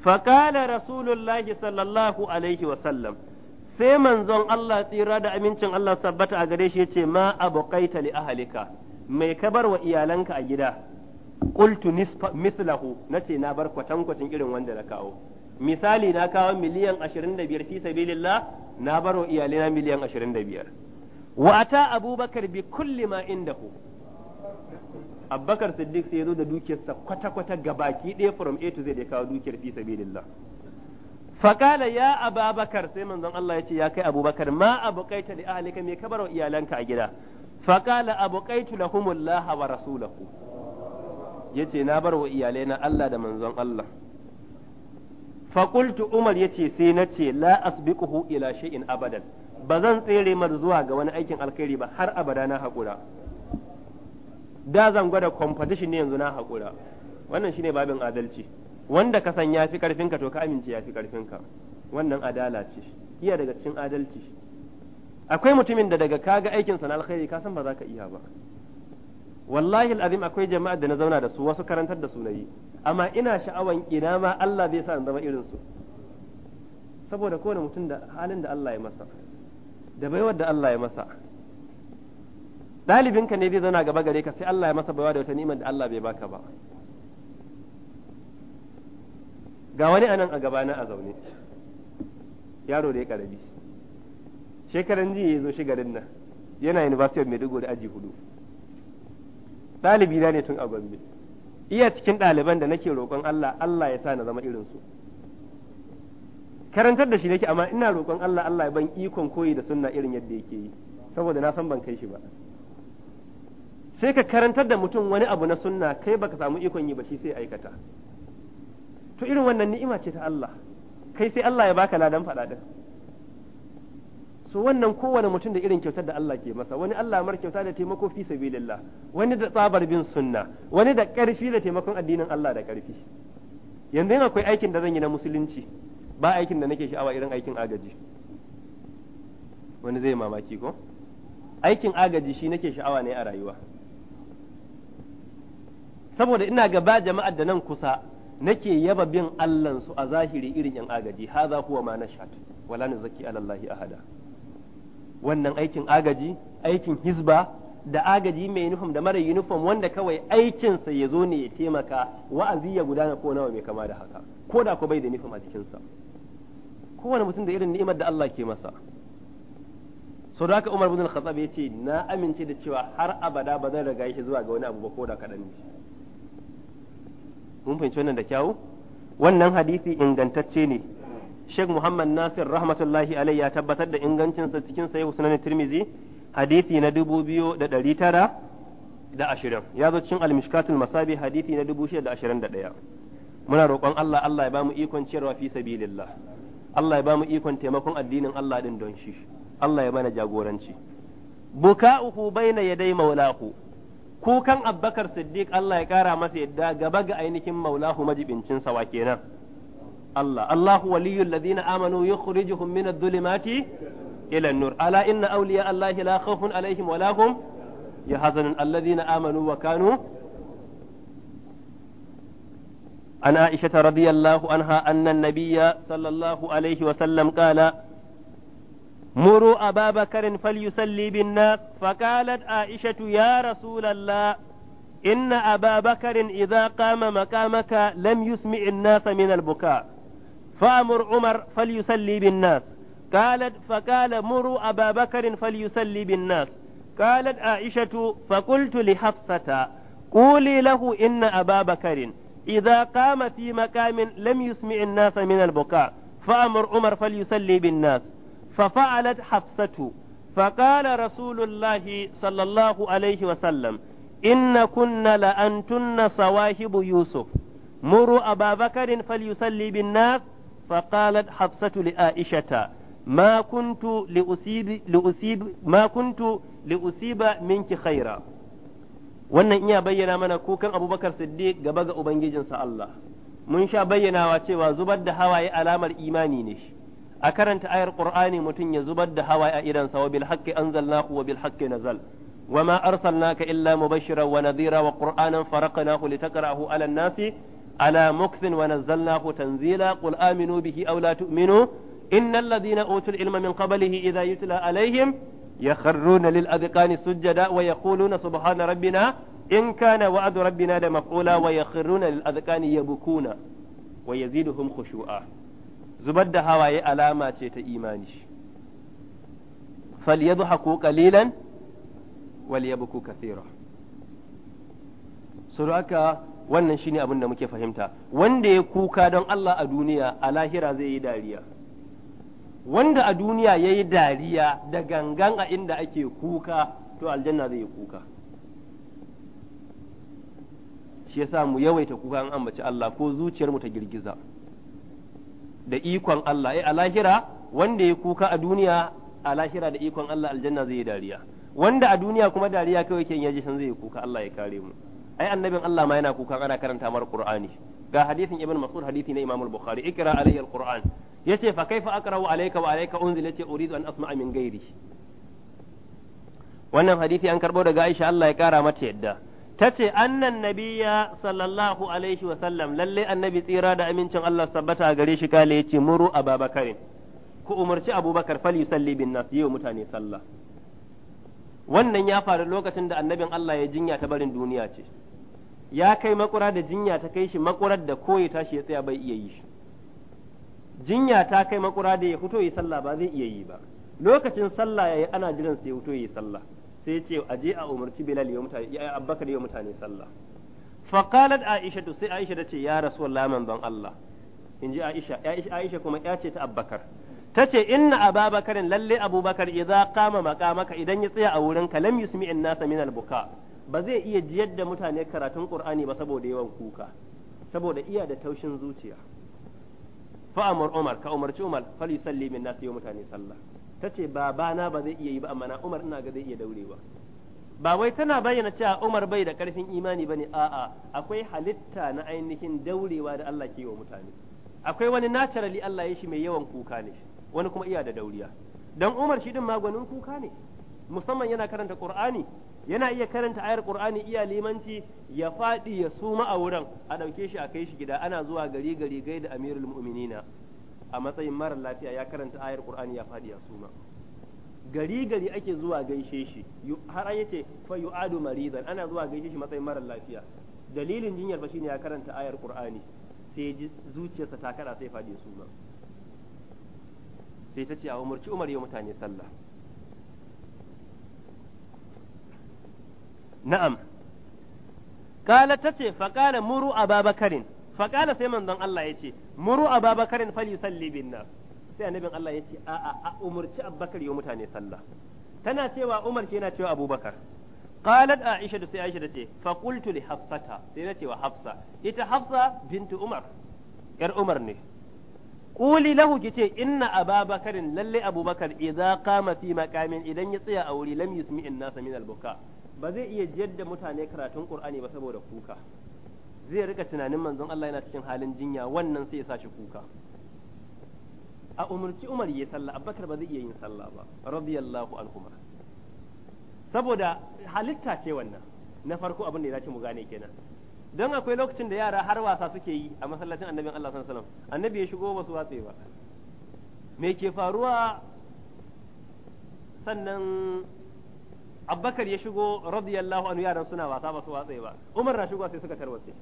faƙala rasulullahi sallallahu alaihi wasallam sai manzon Allah tsira da amincin Allah sabbata a gare shi ya ce ma abokaita li ahalika mai kabar wa iyalanka a gida qultu nisfa mithlahu nace na bar kwatankwacin irin wanda na kawo misali na kawo miliyan 25 fi sabilillah na baro iyalina miliyan 25 wa ata abubakar bi kulli ma indahu Abubakar siddiq sai ya zo da dukiyarsa kwata-kwata gabaki ɗaya from a to z ya kawo dukiyar fi sabilillah faƙala ya ababakar sai manzon Allah ya ce ya kai abubakar ma abuƙaita li ahlika me ka baro iyalanka a gida faƙala abuƙaitu lahumullaha wa rasulahu yace na baro wa iyalaina Allah da manzon Allah faƙultu umar ya ce sai na ce la asbiquhu ila shay'in abadan ba zan tsere mar zuwa ga wani aikin alkhairi ba har abada na haƙura da zan gwada competition ne yanzu na haƙura wannan shine babin adalci wanda ka san yafi karfinka to ka amince yafi karfinka wannan adala ce iya daga cikin adalci akwai mutumin da daga kaga sa na alkhairi ka san ba za ka iya ba wallahi alazim akwai jama'a da na zauna da su wasu karantar da sunayi. amma ina sha'awan ina ma Allah zai sa in zama irin su saboda kowane mutum da halin da Allah ya masa da baiwar da Allah ya masa ɗalibinka ne zai zauna gaba gare ka sai Allah ya masa baiwa da wata ni'imar da Allah bai baka ba ga wani anan a gaba na a zaune yaro da ya karabi shekaran jiya ya zo shi garin nan yana university of maiduguri aji hudu ɗalibi na ne tun a gombe iya cikin ɗaliban da nake roƙon Allah Allah ya sa na zama irin su karantar da shi nake amma ina roƙon Allah Allah ya ban ikon koyi da sunna irin yadda yake yi saboda na san ban kai shi ba sai ka karantar da mutum wani abu na sunna kai baka samu ikon yi ba shi sai aikata to irin wannan ni'ima ce ta Allah kai sai Allah ya baka ladan faɗa so wannan kowane mutum da irin kyautar da Allah ke masa wani Allah mar kyauta da taimako fi sabilillah wani da tsabar bin sunna wani da ƙarfi da taimakon addinin Allah da ƙarfi yanzu akwai aikin da zan yi na musulunci ba aikin da nake sha'awa irin aikin agaji wani zai mamaki ko aikin agaji shi nake sha'awa ne a rayuwa saboda ina gaba jama'ar da nan kusa nake yaba bin su a zahiri irin yan agaji haza huwa ma nashat wala nuzaki ala Allahi ahada wannan aikin agaji aikin hizba da agaji mai uniform da mara uniform wanda kawai aikinsa ya zo ne ya taimaka wa'azi ya gudana ko nawa mai kama da haka ko da ko bai da uniform a jikinsa kowane mutum da irin ni'imar da Allah ke masa sau da haka Umar bin Khattab ya ce na amince da cewa har abada ba zan riga shi zuwa ga wani abu ba ko da kaɗan ne mun fahimci wannan da kyau. wannan hadisi ingantacce ne Sheikh Muhammad Nasir rahmatullahi alaihi ya tabbatar da ingancinsa cikin sahih sunan Tirmizi hadisi na dubu biyu da tara da ashirin ya zo cikin almishkatul masabi hadisi na dubu shida da ashirin da ɗaya muna roƙon Allah Allah ya bamu ikon ciyarwa fi sabilillah Allah ya bamu ikon taimakon addinin Allah din don shi Allah ya bana jagoranci buka'uhu baina yaday maulahu kukan abbakar siddiq Allah ya kara masa yadda gaba ga ainihin maulahu majibincin sawa kenan الله الله ولي الذين آمنوا يخرجهم من الظلمات إلى النور ألا إن أولياء الله لا خوف عليهم ولا هم يحزن الذين آمنوا وكانوا عن عائشة رضي الله عنها أن النبي صلى الله عليه وسلم قال مروا أبا بكر فليصلي بالناس فقالت عائشة يا رسول الله إن أبا بكر إذا قام مقامك لم يسمع الناس من البكاء فأمر عمر فليصلي بالناس قالت فقال مروا أبا بكر فليصلي بالناس قالت عائشة فقلت لحفصة قولي له إن أبا بكر إذا قام في مقام لم يسمع الناس من البكاء فأمر عمر فليصلي بالناس ففعلت حفصة فقال رسول الله صلى الله عليه وسلم إن كن لأنتن صواحب يوسف مروا أبا بكر فليصلي بالناس فقالت حفصة لعائشة ما كنت لأصيب, لأصيب ما كنت لأصيب منك خيرا wannan iya bayyana mana kukan abubakar siddiq gaba ga ubangijinsa Allah mun sha bayyanawa cewa zubar da hawaye alamar imani ne a karanta ayar qur'ani mutum ya zubar da hawaye a idansa wa bil haqqi anzalnahu wa bil haqqi nazal وما أرسلناك إلا مبشرا ونذيرا وقرآنا فرقناه لتقرأه على nasi ala mukthin wa nazzalnahu tanzila qul aminu bihi aw la tu'minu innal ladhina utul ilma min qablihi idha yutla alaihim yakhruna lil adqani sujada wa yaquluna subhana rabbina in kana wa'du rabbina la maf'ula wa yakhruna lil adqani yabkuna wa yaziduhum khushu'a zubar da hawaye alama ce ta imani Fal falyadhaku qalilan wal yabku kathira sura wannan shine abin da muke fahimta wanda ya kuka don Allah a duniya a lahira zai yi dariya wanda a duniya ya yi dariya da gangan a inda ake kuka to aljanna zai yi kuka shi yasa mu yawaita kuka an ambaci Allah ko zuciyar mu ta girgiza da ikon Allah eh a lahira wanda ya kuka a duniya a lahira da ikon Allah aljanna zai yi dariya wanda a duniya kuma dariya kawai ke yaji san zai yi kuka Allah ya kare mu ai annabin Allah ma yana kuka kana karanta mar Qur'ani ga hadisin Ibn Mas'ud hadisi na Imam Al-Bukhari ikra alayya al yace fa kaifa aqra'u alayka wa alayka unzila yace uridu an asma'a min wannan hadisi an karbo daga Aisha Allah ya kara mata yadda tace annan nabiyya sallallahu alaihi wa sallam lalle annabi tsira da amincin Allah sabbata gare shi kale yace muru ababakarin ku umarci abubakar Fali yusalli bin nas yau mutane sallah wannan ya faru lokacin da annabin Allah ya jinya ta barin duniya ce ya kai makura da jinya ta kai shi makurar da koyi ta tashi ya tsaya bai iya yi shi jinya ta kai makura da ya fito yi sallah ba zai iya yi ba lokacin sallah yayi ana jiran sai ya fito yi sallah sai ce a je a umarci Bilal ya mutane ya abbakar ya mutane sallah fa qalat Aisha sai Aisha ta ce ya Rasulullah manzon Allah in ji Aisha Aisha kuma ya ce ta abbakar ta ce inna ababakarin lalle abubakar idza qama maqamaka idan ya tsaya a wurinka lam yusmi in nasa min al-buka ba zai iya jiyar da mutane karatun Qur'ani ba saboda yawan kuka saboda iya da taushin zuciya fa'amur Umar ka umarci Umar fal salli min nas mutane sallah tace babana ba zai iya yi ba amma na Umar ina ga zai iya daurewa ba wai tana bayyana cewa Umar bai da karfin imani bane a'a akwai halitta na ainihin daurewa da Allah ke wa mutane akwai wani naturally Allah ya shi mai yawan kuka ne wani kuma iya da dauriya dan Umar shi din maganin kuka ne musamman yana karanta Qur'ani yana iya karanta ayar qur'ani iya limanci ya fadi ya suma a wurin a dauke shi a kai shi gida ana zuwa gari gari gai da amirul mu'minina a matsayin mara lafiya ya karanta ayar qur'ani ya fadi ya suma gari gari ake zuwa gaishe shi har an yace fa yu'adu maridan ana zuwa gaishe shi matsayin mara lafiya dalilin jinyar ba shine ya karanta ayar qur'ani sai zuciyarsa ta kada sai fadi ya suma sai ta ce a umarci umar ya mutane sallah na'am kala tace fa kala muru ababakarin fa kala sai manzon Allah ya ce muru a fali salli bin nan sai annabin Allah ya ce a a umarci abubakar yau mutane sallah tana cewa umar ke na cewa abubakar qalat aisha sai aisha tace fa qultu li hafsata sai nace wa hafsa ita hafsa bintu umar yar umar ne quli lahu ki kice inna ababakarin lalle abubakar idza qama fi makamin idan ya tsaya a wuri lam yusmi in nasa min al-buka ba zai iya jiyar da mutane karatun Qur'ani ba saboda kuka zai rika tunanin manzon Allah yana cikin halin jinya wannan sai ya sa shi kuka a umarci Umar ya sallah Abubakar ba zai iya yin sallah ba radiyallahu anhuma saboda halitta ce wannan na farko abin da ya dace mu gane kenan don akwai lokacin da yara har wasa suke yi a masallacin annabin Allah sallallahu alaihi wasallam annabi ya shigo ba su watse ba me ke faruwa sannan Abubakar ya shigo radiyallahu anhu yaran suna wasa ba su watse ba Umar na shigowa sai suka tarwatse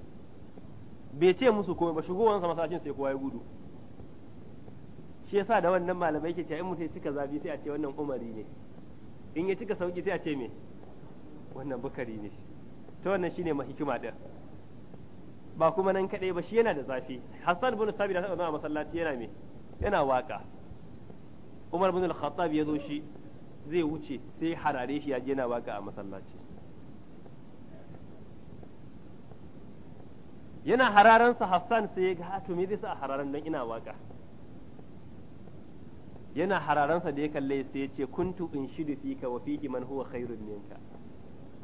bai ce musu komai ba shigowar sa masallacin sai kowa ya gudu shi yasa da wannan malamai ke cewa in mutai cika zabi sai a ce wannan Umari ne in ya cika sauki sai a ce me wannan Bukari ne ta wannan shine mahikima din ba kuma nan kadai ba shi yana da zafi Hassan bin Sabit da zama masallaci yana me yana waka Umar bin Al-Khattab ya zo shi zai wuce sai harare shi ya jena na waka a masallaci yana hararan sa Hassan sai ya ga to me zai sa hararan dan ina waka yana hararan sa da ya kalle sai ya ce kuntu in shidu fika wa fihi man huwa khairun minka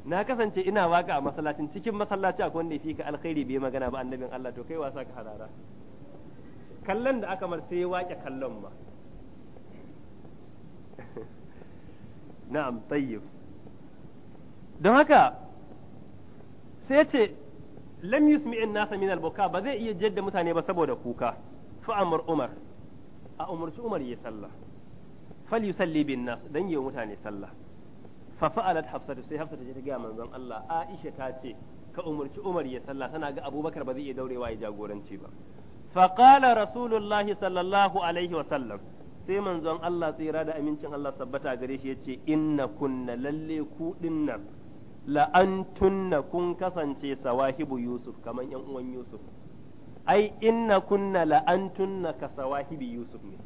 na kasance ina waka a masallacin cikin masallaci akwai wanda fika alkhairi bai magana ba annabin Allah to kai wasa ka harara kallon da aka mar sai ya wake kallon ma na'am tayyib don haka sai ce lam yusmi'in nasa min al-buka ba zai iya jadda mutane ba saboda kuka fa amr umar a umarci umar ya sallah fal yusalli bin nas dan yi mutane sallah fa fa'alat hafsatu sai hafsatu ta ga manzon Allah Aisha ta ce ka umarci umar ya sallah tana ga Abubakar ba zai iya daurewa ya jagoranci ba fa qala rasulullahi sallallahu alaihi wa sallam sai manzon Allah tsira da amincin Allah sabbata gare shi yace inna kunna lalle ku dinnan la antunna kun kasance sawahibu Yusuf kaman yan uwan Yusuf ai inna kunna la antunna ka sawahibi Yusuf ne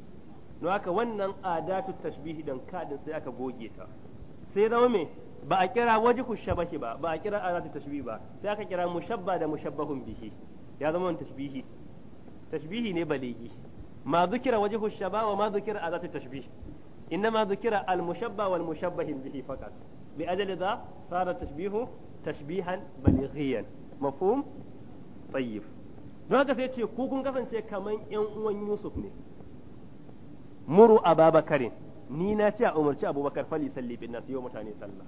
don haka wannan adatu tashbihi dan kadin sai aka goge ta sai zama me ba a kira wajihu shabahi ba ba a kira adatu tashbihi ba sai aka kira mushabba da mushabbahun bihi ya zama wani tashbihi tashbihi ne balighi ma dhukira wajhu shaba wa ma dhukira adatu tashbih إنما ذكر المشبه والمشبه به فقط لأجل ذا صار التشبيه تشبيها بليغيا مفهوم طيب don haka sai ce ku kun kasance kaman yan uwan Yusuf ne muru a ababakar ni na ce a umarci abubakar fali salli bin nas mutane sallah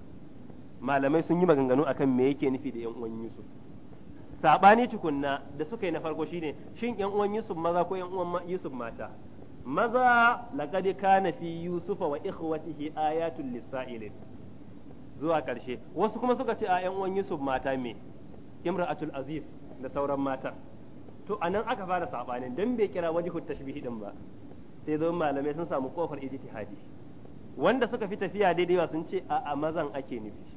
malamai sun yi maganganu akan me yake nufi da yan uwan Yusuf sabani tukunna da suka yi na farko shine shin yan uwan Yusuf maza ko yan uwan Yusuf mata maza laqad kana fi Yusuf wa ikhwatihi ayatul lisailin zuwa karshe wasu kuma suka ce a yan uwan Yusuf mata me imra'atul aziz da sauran mata to anan aka fara sabanin dan bai kira wajhut tashbihi din ba sai zo malamai sun samu kofar ijtihadi wanda suka fi tafiya daidaiwa sun ce a mazan ake nufi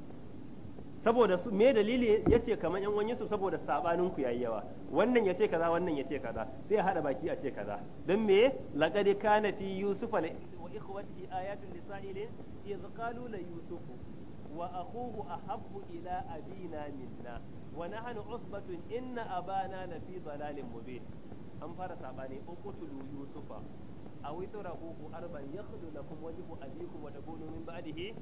saboda su me dalili yace kamar yan wani su saboda sabanin ku yayi yawa wannan yace kaza wannan yace kaza sai hada baki a ce kaza dan me laqad kana fi yusuf wa ikhwatihi ayatun lisailin iz qalu la Yusufu wa akhuhu ahabbu ila abina minna wa nahnu usbatun inna abana la fi dalalin mubin an fara sabani uqtulu yusufa أو اتركوه أربا يخلو لكم وجه أبيكم وتكونوا من بعده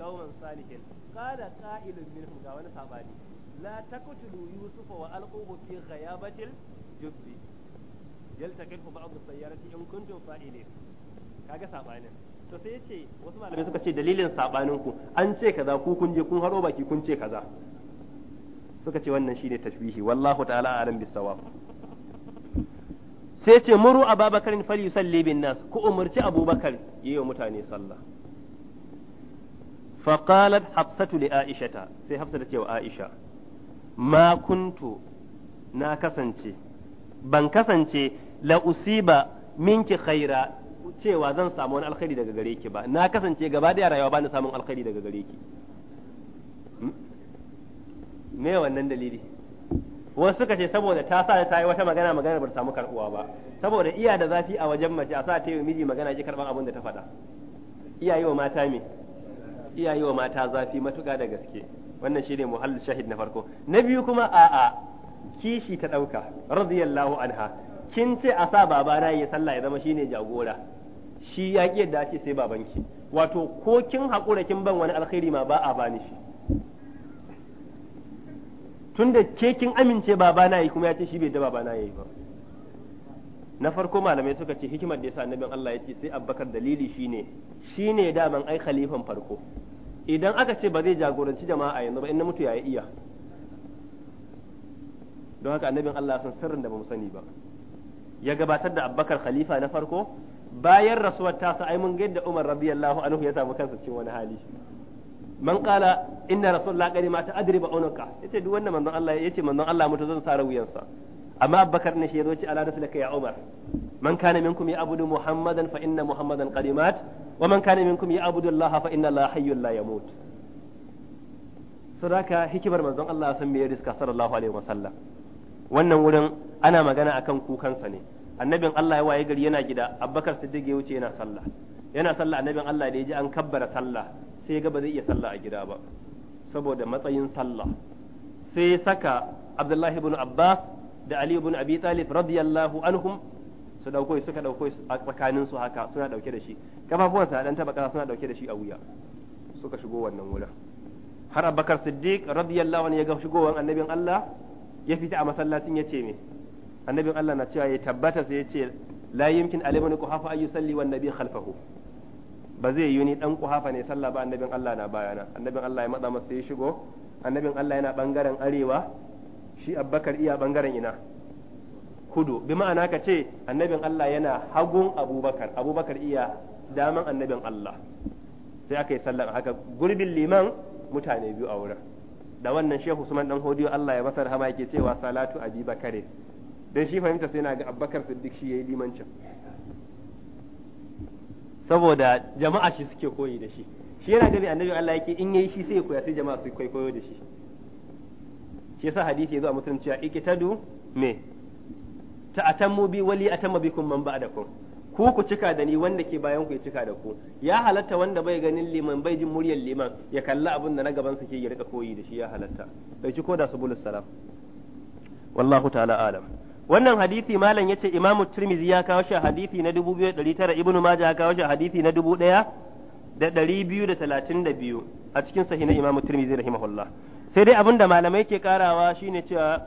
قوما صالحين قال قائل منهم قال صحاباني لا تقتلوا يوسف وألقوه في غيابة الجب يلتقطه بعض السيارة إن كنتم فاعلين kaga sabanin to sai yace wasu malamai suka ce dalilin sabanin an ce kaza ku kun je kun haro baki kun ce kaza suka ce wannan shine tashbihi wallahu ta'ala alam bisawab sai ce muru abubakar fali salli bin nas ku umarci abubakar yi wa mutane sallah fa qalat hafsatu li aishata sai hafsa ta ce wa aisha ma kuntu na kasance ban kasance lausi ba minki khaira cewa zan samu wani alkhairi daga gare ki ba na kasance gaba da rayuwa ba na samun alkhairi daga gare ki hmm? me wannan dalili wasu suka ce saboda ta sa ta yi wata magana magana ba ta samu karbuwa ba saboda iya da zafi a wajen mace a sa ta yi miji magana ki karban abin da ta faɗa iyaye wa mata me iyaye wa mata zafi matuƙa da gaske wannan shine muhallin shahid na farko na biyu kuma a kishi ta ɗauka radiyallahu anha kin ce a sa babana ya sallah ya zama shine jagora shi ya ki yadda ake sai babanki wato ko kin haƙura kin ban wani alkhairi ma ba a bani shi tunda ke kin amince baba na yi kuma ya ce shi bai da baba na yayi ba na farko malamai suka ce hikimar da yasa annabin Allah ya ce sai abbakar dalili shine shine daman ai khalifan farko idan aka ce ba zai jagoranci jama'a a yanzu ba in na mutu ya iya don haka annabin Allah san sirrin da ba mu sani ba ya gabatar da abbakar khalifa na farko bayan rasuwar sa ai mun ga yadda Umar radiyallahu anhu ya samu kansa cikin wani hali man kala inna rasulullah qad mata adriba unuka yace duk wanda manzon Allah yace manzon Allah mutu zan sara wuyansa amma abubakar ne shi yazo ce ala rasulaka ya umar man kana minkum ya abudu muhammadan fa inna muhammadan qadimat wa man kana minkum ya abudu allaha fa inna allaha hayyul la yamut sadaka hikimar manzon Allah san me ya riska sallallahu alaihi wasallam wannan wurin ana magana akan kukansa ne annabin Allah ya waye gari yana gida abubakar siddiq ya wuce yana sallah yana sallah annabin Allah da ya ji an kabbara sallah sai ga ba zai iya sallah a gida ba saboda matsayin sallah sai saka Abdullahi ibn Abbas da Ali ibn Abi Talib radiyallahu anhum su dauko suka dauko a tsakanin su haka suna dauke da shi kafafuwan sa dan tabaka suna dauke da shi a wuya suka shigo wannan wurin har Abubakar Siddiq radiyallahu anhu ya ga shigowan annabin Allah ya fita a masallacin ya ce me annabin Allah na cewa ya tabbata sai ya ce la yumkin ku hafa ayyusalli wan nabi khalfahu ba zai yi ni dan kuhafa ne sallah ba annabin Allah na bayana annabin Allah ya matsa masa ya shigo annabin Allah yana bangaren arewa shi abbakar iya bangaren ina kudu bi ma'ana ka ce annabin Allah yana hagun abubakar abubakar iya daman annabin Allah sai aka yi sallah haka gurbin liman mutane biyu a wurin da wannan shehu Usman dan hodiyo Allah ya masa rahama yake cewa salatu abi bakare dan shi fahimta sai na ga abbakar siddiq shi yayi limancin saboda jama'a shi suke koyi da shi shi yana gani annabi Allah yake in yayi shi sai ya koya sai jama'a su koyi koyo da shi shi yasa hadisi yazo a musulun cewa ikitadu me ta atammu bi wali atamma bikum man ba'dakum ku ku cika da ni wanda ke bayan ku ya cika da ku ya halatta wanda bai ganin liman bai jin muryar liman ya kalla abin da na gaban sa ke ya rika koyi da shi ya halatta dauki koda da subulus salam wallahu ta'ala alam wannan hadisi malam yace Imam tirmizi ya kawo shi hadisi na 2900 Ibn Majah ya kawo shi hadisi na 1232 a cikin sahih na Imam Tirmidhi rahimahullah sai dai abinda malamai ke karawa shine cewa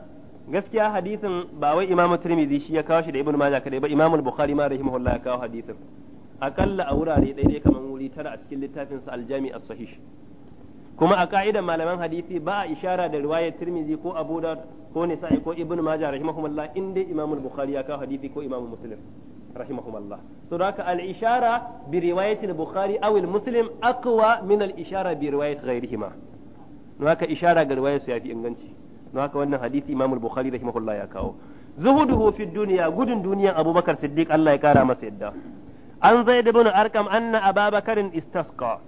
gaskiya hadisin ba wai Imam tirmizi shi ya kawo shi da Ibn Majah kadai ba Imam Bukhari ma rahimahullah ya kawo hadisin akalla a wurare daidai kamar wuri tara a cikin littafin sa aljami as-Sahih kuma a ka'idan malaman hadisi ba a ishara da riwayar tirmizi ko Abu da ko sa'i ko ibnu majah rahimahumullah in dai imamul bukhari ya kawo hadisi ko imamul muslim rahimahumullah to haka al ishara bi riwayat al bukhari aw al muslim aqwa min al ishara bi riwayat ghayrihima don haka ishara ga riwayat su yafi inganci don haka wannan hadisi imamul bukhari rahimahullah ya kawo zuhuduhu fi duniya gudun duniyan abubakar siddiq Allah ya kara masa yadda an zaid ibn arqam anna ababakarin istasqa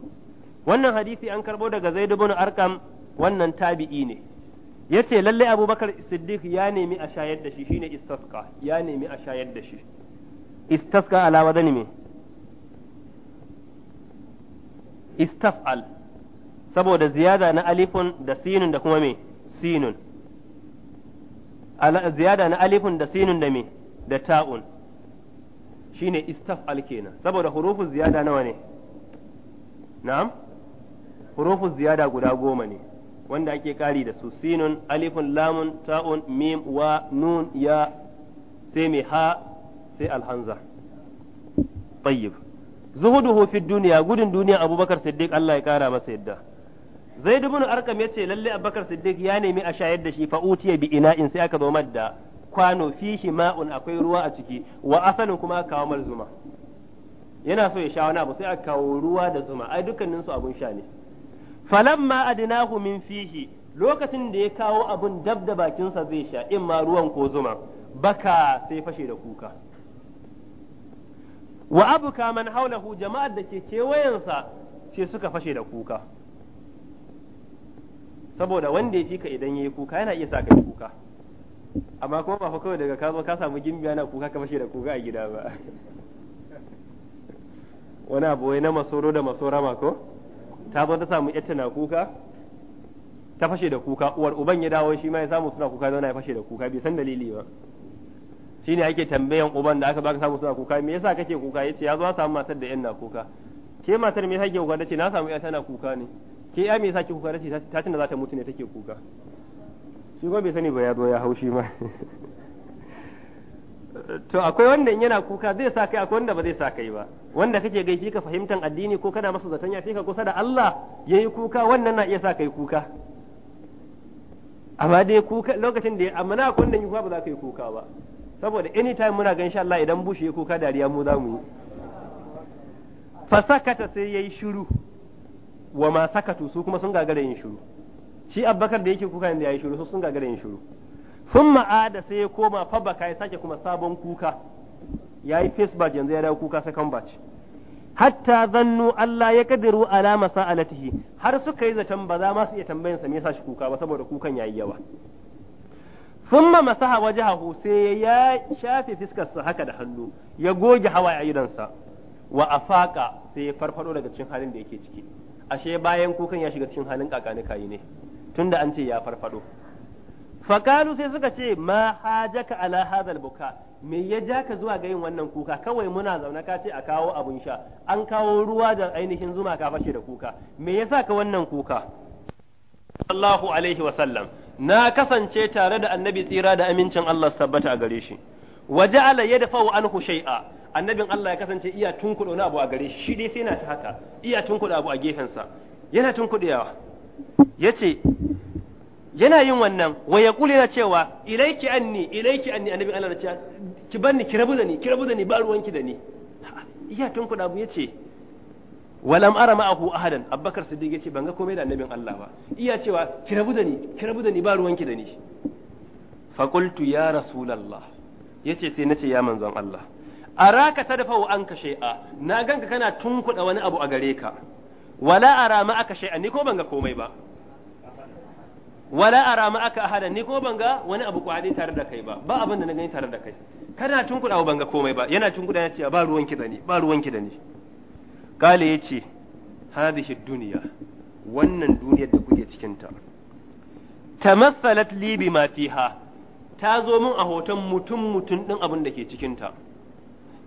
wannan hadisi an karbo daga zaid ibn arqam wannan tabi'i ne yace lalle abubakar siddiq ya nemi a shayar da shi shine istaska ya nemi a shayar da shi istaska ala da me istaf'al saboda ziyada na alifun da sinun da kuma me sinun ziyada na alifun da sinun da me da ta'un shine istaf'al kenan saboda hurufun ziyada nawa ne na'am hurufun ziyada guda goma ne wanda ake kari da su sinun alifun lamun ta'un mim wa nun ya sai mai ha sai alhanza tayyib zuhuduhu fi duniya gudun duniya abubakar siddiq Allah ya kara masa yadda zaid ibn arkam yace lalle abubakar siddiq ya nemi a shayar da shi fa utiya bi ina'in sai aka zo madda kwano fihi ma'un akwai ruwa a ciki wa asalin kuma aka kawo mar zuma yana so ya sha wani abu sai aka kawo ruwa da zuma ai dukkanin su abun sha ne falamma adnahu min fihi lokacin da ya kawo abun dab da bakinsa zai sha in ma ruwan ko zuma baka sai fashe da kuka wa abuka man haulahu jama'ar da ke kewayensa sai suka fashe da kuka saboda wanda ya fika idan yayi kuka yana iya sa yi kuka amma kuma ba fa kawai daga ka zo ka samu gimbi yana kuka ka fashe da kuka a gida ba wani abu wai na masoro da masorama ko ta zo ta samu yatta na kuka ta fashe da kuka uwar uban ya dawo shi ma ya samu suna kuka zauna ya fashe da kuka bai san dalili ba shine ake tambayan uban da aka baka samu suna kuka me yasa kake kuka yace ya zo ya samu matar da yan na kuka ke matar me yasa kike kuka dace na samu ya tana kuka ne ke ya me yasa kike kuka tace ta tunda za ta mutu ne take kuka shi ko bai sani ba ya zo ya shi ma to akwai wanda in yana kuka zai sa kai akwai wanda ba zai sa kai ba wanda kake gaishe ka fahimtar addini ko kana masa zaton ya fi ka kusa da Allah yayi kuka wannan na iya sa kai kuka amma dai kuka lokacin da amma na akwai wanda yi kuka ba za ka yi kuka ba saboda anytime muna ga insha Allah idan bushe ya kuka dariya mu za mu yi fasakata sai yayi shiru wa ma sakatu su kuma sun gagara yin shiru shi abbakar da yake kuka da yayi shiru su sun gagara yin shiru sun ma'ada sai ya koma fabaka ya sake kuma sabon kuka ya yi facebook yanzu ya dawo kuka second batch hatta zannu Allah ya kadiru alama tihi har suka yi zaton ba za ma su iya tambayan sa me yasa shi kuka ba saboda kukan yayi yawa thumma masaha wajhahu sai ya shafe fiskarsa haka da hannu ya goge hawa a sa wa afaka sai ya farfado daga cikin halin da yake ciki ashe bayan kukan ya shiga cikin halin kakani kayi ne tunda an ce ya farfaɗo. fakalu sai suka ce ma hajaka ala hadal buka me ya ja ka zuwa ga yin wannan kuka kawai muna zaune ka ce a kawo abun sha an kawo ruwa da ainihin zuma ka fashe da kuka me yasa ka wannan kuka sallallahu alaihi wa sallam na kasance tare da annabi tsira da amincin Allah sabbata a gare shi wa ja'ala yadfa'u anhu shay'a annabin Allah ya kasance iya tunkuɗo na abu a gare shi shi dai sai na ta haka iya tunkuɗo abu a gefensa yana tunkuɗewa yace yana yin wannan wa ƙuli na cewa ilaiki anni ilaiki anni annabi Allah ya ki banni ki rabu da ni ki rabu da ni ba ruwanki da ni iya tun kuɗa bu yace walam ara ma'ahu ahadan abbakar siddiq yace ban ga komai da annabin Allah ba iya cewa ki rabu da ni ki rabu da ni ba ruwanki da ni fa qultu ya rasulullah yace sai nace ya manzon Allah araka tadfa an ka shay'a na ganka kana kuɗa wani abu a gare ka wala ara ma'aka shay'an ni ko ban ga komai ba wala ara ma aka ahada ni ko banga wani abu kwali tare da kai ba ba abin da na gani tare da kai kana tunkuda banga komai ba yana tunkuda ya ce ba ruwan ki da ni ba ruwan ki da ni kale yace hadhihi dunya wannan duniyar da kuke cikin ta tamathalat li bima fiha ta zo min a hoton mutum mutum din abin da ke cikin ta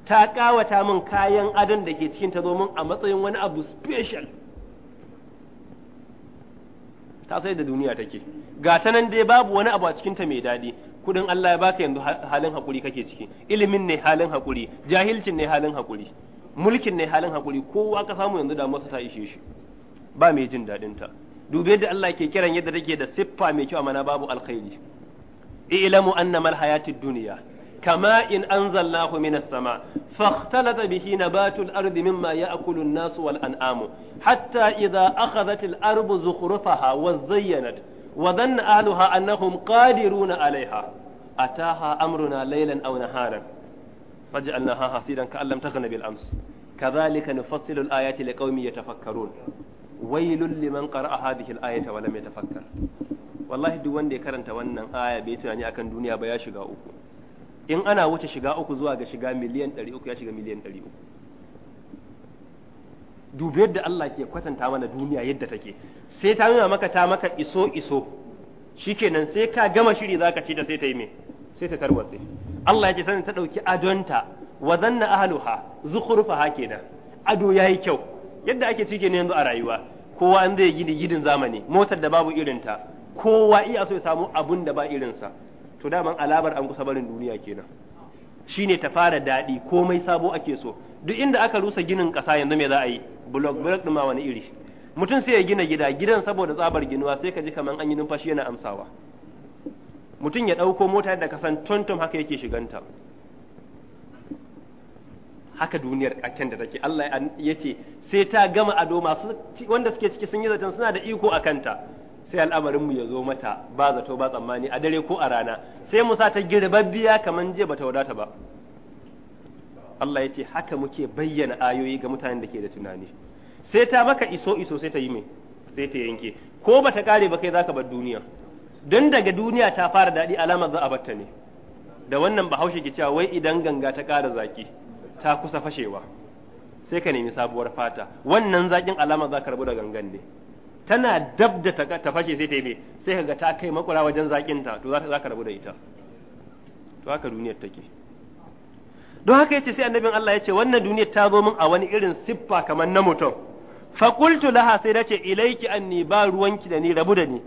ta kawata min kayan adon da ke cikin ta zo min a matsayin wani abu special ta sai da duniya take ga ta nan dai babu wani abu a cikinta mai daɗi kudin Allah ya baka yanzu halin hakuri kake ciki ilimin ne halin hakuri jahilcin ne halin hakuri mulkin ne halin hakuri kowa ka samu yanzu da masa ta ishe shi ba mai jin daɗin ta dube yadda Allah ke kiran yadda take da siffa mai kyau amma babu alkhairi i'lamu annamal hayatid duniya. kama in anzalnahu minas sama فاختلط به نبات الأرض مما يأكل الناس والأنعام حتى إذا أخذت الأرض زخرفها وزينت وظن أهلها أنهم قادرون عليها أتاها أمرنا ليلا أو نهارا فجعلناها حصيدا كأن لم تغن بالأمس كذلك نفصل الآيات لقوم يتفكرون ويل لمن قرأ هذه الآية ولم يتفكر والله دو wanda ya karanta wannan aya bai tunani akan duniya ba ya shiga uku in ana wuce shiga uku zuwa ga shiga miliyan ɗari uku ya shiga miliyan ɗari uku. dubi yadda Allah ke kwatanta mana duniya yadda take sai ta nuna maka ta maka iso iso shi shikenan sai ka gama shiri zaka ce ta sai ta yi me sai ta tarwatse Allah ya ce sanin ta dauki adonta wa zanna ahluha zukhrufaha kenan ado yayi kyau yadda ake cike ne yanzu a rayuwa kowa an zai gidi gidin zamani motar da babu irinta kowa iya so ya samu abun da ba irinsa to daman alamar an kusa barin duniya kenan shine ta fara daɗi komai sabo ake so duk inda aka rusa ginin ƙasa yanzu me za a yi blok blok ɗin ma wani iri mutum sai ya gina gida gidan saboda tsabar ginuwa sai ka ji kamar an yi numfashi yana amsawa mutum ya ɗauko mota da kasan tuntum haka yake shiganta haka duniyar kakken da take Allah ya ce sai ta gama ado masu wanda suke ciki sun yi zaton suna da iko a kanta sai al'amarinmu ya zo mata ba zato ba tsammani a dare ko a rana sai mu sa ta girbabbiya kamar je bata wadata ba Allah ya ce haka muke bayyana ayoyi ga mutanen da ke da tunani sai ta maka iso iso sai ta yi mai sai ta yanke ko bata kare ba kai zaka bar duniya don daga duniya ta fara daɗi alamar za a batta ne da wannan bahaushe ke cewa wai idan ganga ta ƙara zaki ta kusa fashewa sai ka nemi sabuwar fata wannan zakin alamar za ka rabu da gangan ne tana dab da ta fashe sai ta yi sai kaga ta kai makura wajen zakin ta to za ka rabu da ita to haka duniyar take don haka yace sai annabin Allah yace wannan duniyar ta zo min a wani irin siffa kamar na mutum fa qultu laha sai nace ilayki anni ba ruwanki da ni rabu da ni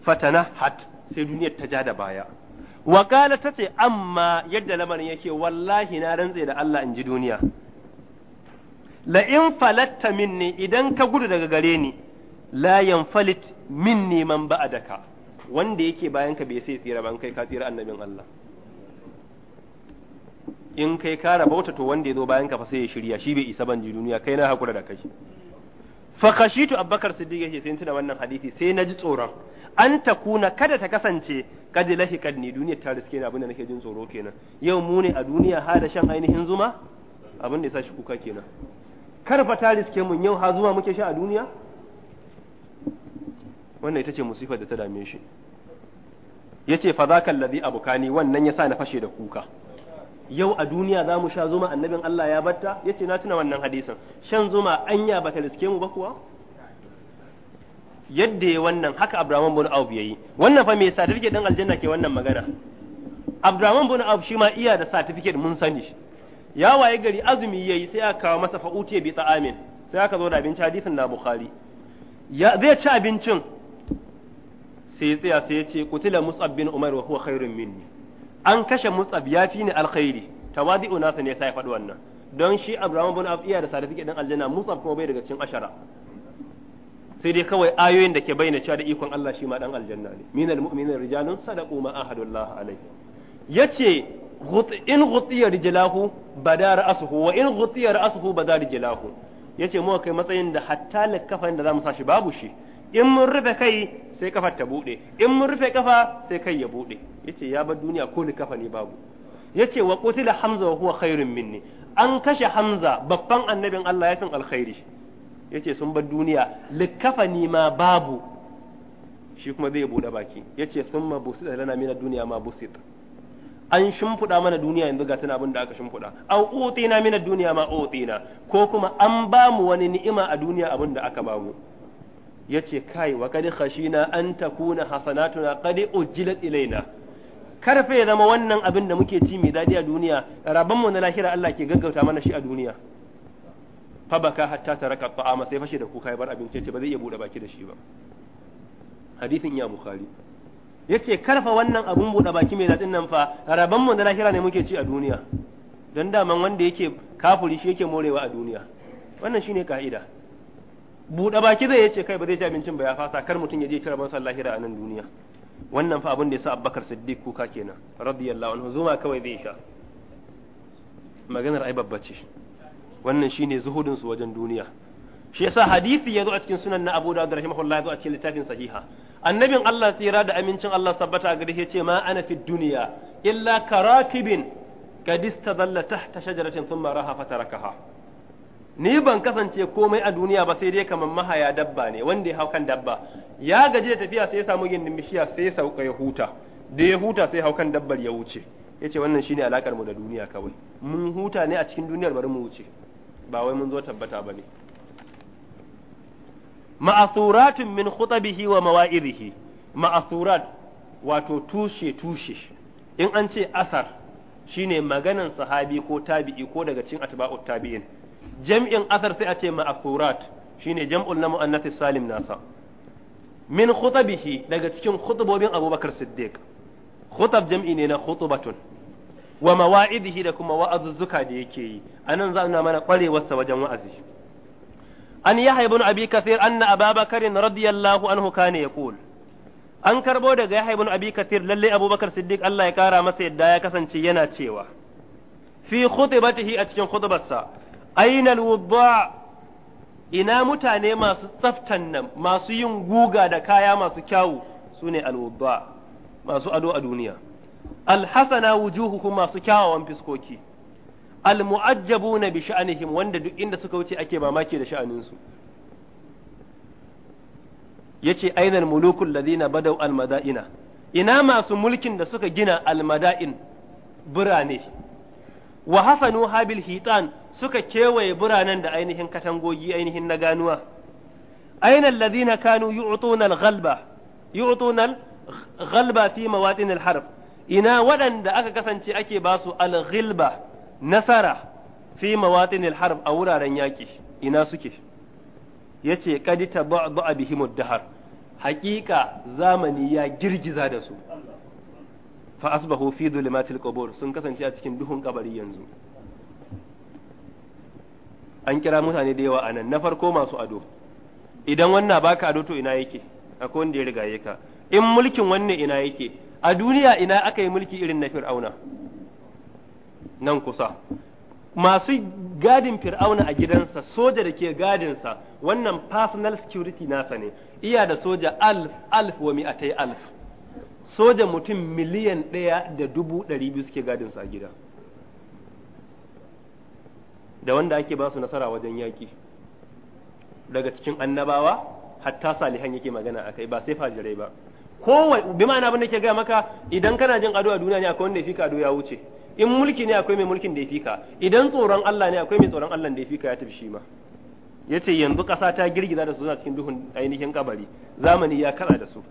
fatana hat sai duniyar ta ja da baya wa qala tace amma yadda lamarin yake wallahi na rantse da Allah in ji duniya la in falatta minni idan ka gudu daga gare ni la yanfalit minni man ba'daka wanda yake bayan ka bai sai tsira ba kai ka tsira annabin Allah in kai ka rabauta to wanda ya zo bayan ka fa sai ya shirya shi bai isa ban ji duniya kai na hakura da kai fa khashitu abbakar siddiq yace sai tuna wannan hadisi sai na ji tsoron an ta kuna kada ta kasance kad lahiqad ni duniya ta riske ni abinda nake jin tsoro kenan yau mu ne a duniya ha da shan ainihin zuma abin da sa shi kuka kenan kar fa ta riske mun yau ha zuma muke sha a duniya wannan ita ce musifar da ta dame shi yace fa zaka allazi abukani wannan yasa na fashe da kuka yau a duniya za mu sha zuma annabin Allah ya batta yace na tuna wannan hadisin shan zuma anya baka riske mu ba kuwa yadda ya wannan haka Abdurrahman bin Auf yayi wannan fa me certificate dan aljanna ke wannan magana Abdurrahman bin Auf shi ma iya da certificate mun sani shi ya waye gari azumi yayi sai aka kawo masa fa'utiya bi ta'amin sai aka zo da abinci hadisin na Bukhari ya zai ci abincin sai ya tsaya sai ya ce kutila mus'ab bin umar wa huwa khairun minni an kashe mus'ab ya fi ni alkhairi tawadi'u nasa ne sai ya faɗi wannan don shi abraham bin af iya da certificate dan aljanna mus'ab kuma bai daga cikin ashara sai dai kawai ayoyin da ke bayyana cewa da ikon Allah shi ma dan aljanna ne minal mu'minin rijalun sadaqu ma ahadullah alaihi yace in ghutiya rijalahu bada ra'suhu wa in ghutiya ra'suhu bada rijalahu yace mu kai matsayin da hatta lakafan da za mu sa shi babu shi in mun rufe kai sai kafar ta bude in mun rufe kafa sai kai ya bude yace ya bar duniya ko kafa ne babu yace wa qutila hamza wa huwa khairun minni an kashe hamza babban annabin Allah ya fin alkhairi yace sun bar duniya likkafa ni ma babu shi kuma zai bude baki yace thumma busita lana min duniya ma busita an shimfuda mana duniya yanzu ga tana abin da aka shimfuda an utina mina duniya ma utina ko kuma an ba mu wani ni'ima a duniya abin da aka ba mu yace kai wa kadi khashina an takuna hasanatuna kadi ujjilat ilaina karfe ya zama wannan abin da muke ci mai dadi a duniya rabon mu na lahira Allah ke gaggauta mana shi a duniya fa baka hatta taraka ta'ama sai fashe da kuka ya bar abinci ce ba zai iya bude baki da shi ba hadisin ya bukhari yace karfa wannan abun bude baki mai dadin nan fa rabon mu na lahira ne muke ci a duniya don daman wanda yake kafuri shi yake morewa a duniya wannan shine ka'ida buɗe baki zai ce kai ba zai ci abincin ba ya fasa kar mutum ya je kira ban sallahi da anan duniya wannan fa abin da yasa Abubakar Siddiq kuka kenan radiyallahu anhu zuma kawai zai sha maganar ai babbace ce wannan shine zuhudin su wajen duniya shi yasa hadisi ya zo a cikin sunan na Abu da Rahima ya zo a cikin littafin sahiha annabin Allah tsira da amincin Allah sabbata a gare ce ma ana fi duniya illa karakibin kadista istadalla tahta shajaratin thumma raha fatarakaha ni ban kasance komai a duniya ba sai dai kamar mahaya dabba ne wanda ya hau kan dabba ya gaji da tafiya sai ya samu gindin bishiya sai ya sauka huta da ya huta sai hau kan dabbar ya wuce Ya ce wannan shine alakar mu da duniya kawai mun huta ne a cikin duniyar bari mu wuce ba wai mun zo tabbata ne. ma'asuratun min khutabihi wa ma'asurat wato tushe tushe in an ce asar shine maganan sahabi ko tabi'i ko daga cikin atba'ut tabi'in jam'in asar sai a ce shi shine jam'ul na mu'annath salim nasa min khutabihi daga cikin khutubobin abubakar siddiq khutab jam'i ne na khutubatun wa mawa'idihi da kuma wa'azuzzuka da yake yi anan za nuna mana kwarewarsa wajen wa'azi an yahya ibn abi kathir anna ababakarin radiyallahu anhu ya kul an karbo daga yahya ibn abi kathir lalle abubakar siddiq Allah ya kara masa yadda ya kasance yana cewa fi khutbatihi a cikin khutbarsa ainal wudda ina mutane masu tsaftan nan masu yin guga da kaya masu kyawu sune alwudda masu ado a duniya alhasana wujuhukum masu kyawawan fiskoki almu'ajjabuna bi sha'anihim wanda duk inda suka wuce ake mamaki da sha'aninsu yace ainal mulukul ladina badau almada'ina ina masu mulkin da suka gina almada'in birane wa hasanu habil hitan suka kewaye biranen da ainihin katangogi ainihin na ganuwa aina alladhina kanu yu'tuna al-ghalba yu'tuna al fi mawatin al ina waɗanda aka kasance ake basu al-ghilba nasara fi mawatin al-harb a wuraren yaki ina suke yace qad tabaa bihim ad-dahr haqiqa zamani ya girgiza da su fa asbahu fi dhulumatil qubur sun kasance a cikin duhun kabari yanzu an kira mutane da yawa a nan na farko masu ado idan wannan baka ado to ina yake akwai wanda ya rigaye ka in mulkin wannan ina yake a duniya ina aka yi mulki irin na fir'auna nan kusa masu gadin fir'auna a gidansa soja da ke gadinsa wannan personal security nasa ne iya da soja alf alf wa mi'atai alf soja mutum miliyan ɗaya da dubu ɗari biyu suke gadinsa a gida da wanda ake ba su nasara wajen yaƙi daga cikin annabawa hatta salihan yake magana a kai. ba sai fajirai ba kowai bi ma'ana abin da ke gaya maka idan kana jin ado a duniya ne akwai wanda ya ado ya wuce in mulki ne akwai mai mulkin da ya ka idan tsoron Allah ne akwai mai tsoron Allah da ya ka ya tafi shi ma yace yanzu ƙasa ta girgiza da su suna cikin duhun ainihin kabari zamani ya kara da su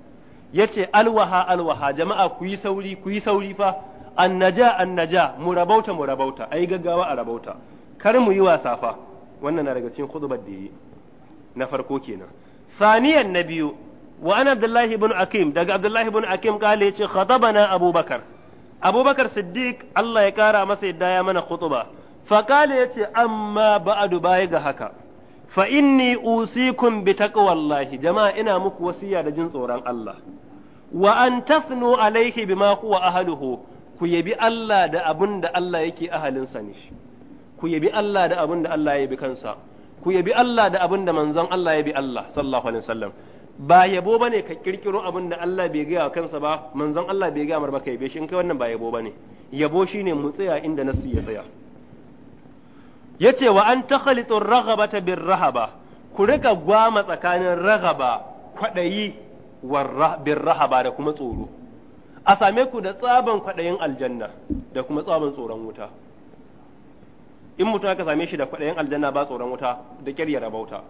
yace alwaha alwaha jama'a ku yi sauri ku yi sauri fa annaja annaja mu rabauta mu rabauta ai gaggawa a rabauta kar mu yi wasa fa wannan na daga cikin khutbar da yi na farko kenan saniyan na biyu wa an abdullahi ibn akim daga abdullahi ibn akim kale yace khatabana abubakar abubakar siddiq Allah ya kara masa yadda ya mana khutba fa kale yace amma ba'du baya ga haka fa inni usikum bi taqwallahi jama'a ina muku wasiya da jin tsoron Allah wa an tafnu alaihi bima huwa ahluhu ku yabi Allah da abun da Allah yake ahalinsa ne ku yabi Allah da abin Allah ya bi kansa ku yabi Allah da abin da manzon Allah ya bi Allah sallallahu alaihi wasallam ba yabo bane ka kirkiro abin Allah bai gaya kansa ba manzon Allah bai gaya mar ba kai shi in kai wannan ba yabo bane yabo shine mu tsaya inda nasu ya tsaya yace wa an takhalitu raghabata bir rahaba ku rika gwama tsakanin ragaba kwadayi war bir rahaba da kuma tsoro a same ku da tsaban kwadayin aljanna da kuma tsaban tsoron wuta in mutum aka same shi da kwaɗayin aljanna ba tsoron wuta da ƙyar rabauta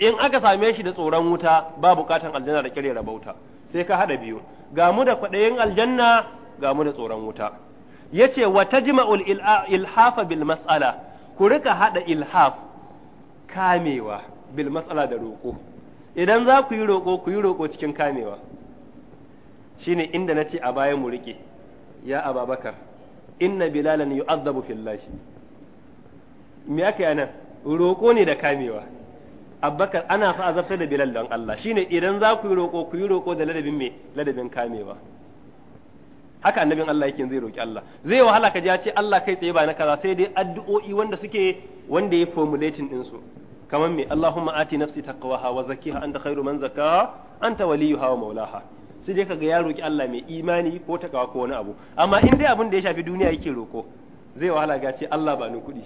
in aka same shi da tsoron wuta ba buƙatan aljanna da ƙyar rabauta sai ka haɗa biyu ga mu da kwaɗayin aljanna ga mu da tsoron wuta yace wa tajma'ul ilhafa bil mas'ala ku rika haɗa ilhaf kamewa bil mas'ala da roƙo idan za ku yi roƙo ku yi roƙo cikin kamewa shine inda na ce a bayan mu rike ya ababakar inna bilalan yu'adhabu fillahi me aka yi nan roƙo ne da kamewa abbakar ana fa azabtar da bilal don Allah shine idan za ku yi roƙo ku yi roƙo da ladabin me ladabin kamewa haka annabin Allah yake zai roki Allah zai wahala ka ji ya ce Allah kai tsaye ba na kaza sai dai addu'o'i wanda suke wanda ya formulating din su kamar me Allahumma ati nafsi taqwaha wa zakkiha anta khairu man zakkaha anta waliyuha wa maulaha sai dai kaga ya roki Allah mai imani ko takawa ko wani abu amma in dai abin da ya shafi duniya yake roko zai wahala ga ce Allah ba ni kuɗi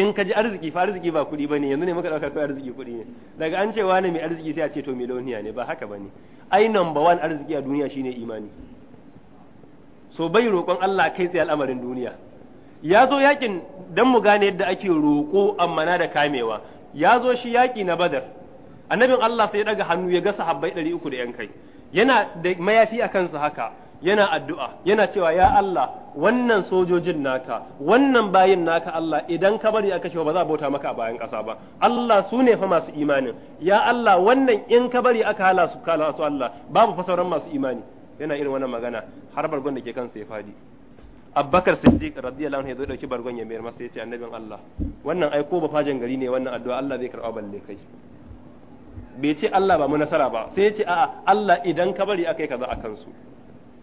in ka ji arziki fa arziki ba kuɗi bane yanzu ne muka dauka kai arziki kuɗi ne daga an cewa wani mai arziki sai a ce to launiya ne ba haka bane ai number one arziki a duniya shine imani so bai roƙon Allah kai tsaye al'amarin duniya ya zo yakin dan mu gane yadda ake roƙo na da kamewa ya zo shi yaki na badar annabin Allah sai ya daga hannu ya ga sahabbai 300 da yan kai yana da mayafi a kansu haka yana addu'a yana cewa ya Allah wannan sojojin naka wannan bayin naka Allah idan ka bari aka cewa ba za a bauta maka a bayan ƙasa ba Allah su ne fa masu imanin ya Allah wannan in ka bari aka hala su kala su Allah babu fa sauran masu imani yana irin wannan magana har bargon da ke kansa ya fadi Abubakar Siddiq radiyallahu anhu ya zo dauki bargon ya mayar masa yace annabin Allah wannan ai ko ba fajin gari ne wannan addu'a Allah zai karɓa balle kai bai ce Allah ba mu nasara ba sai ya ce a'a Allah idan ka bari aka yi kaza akan su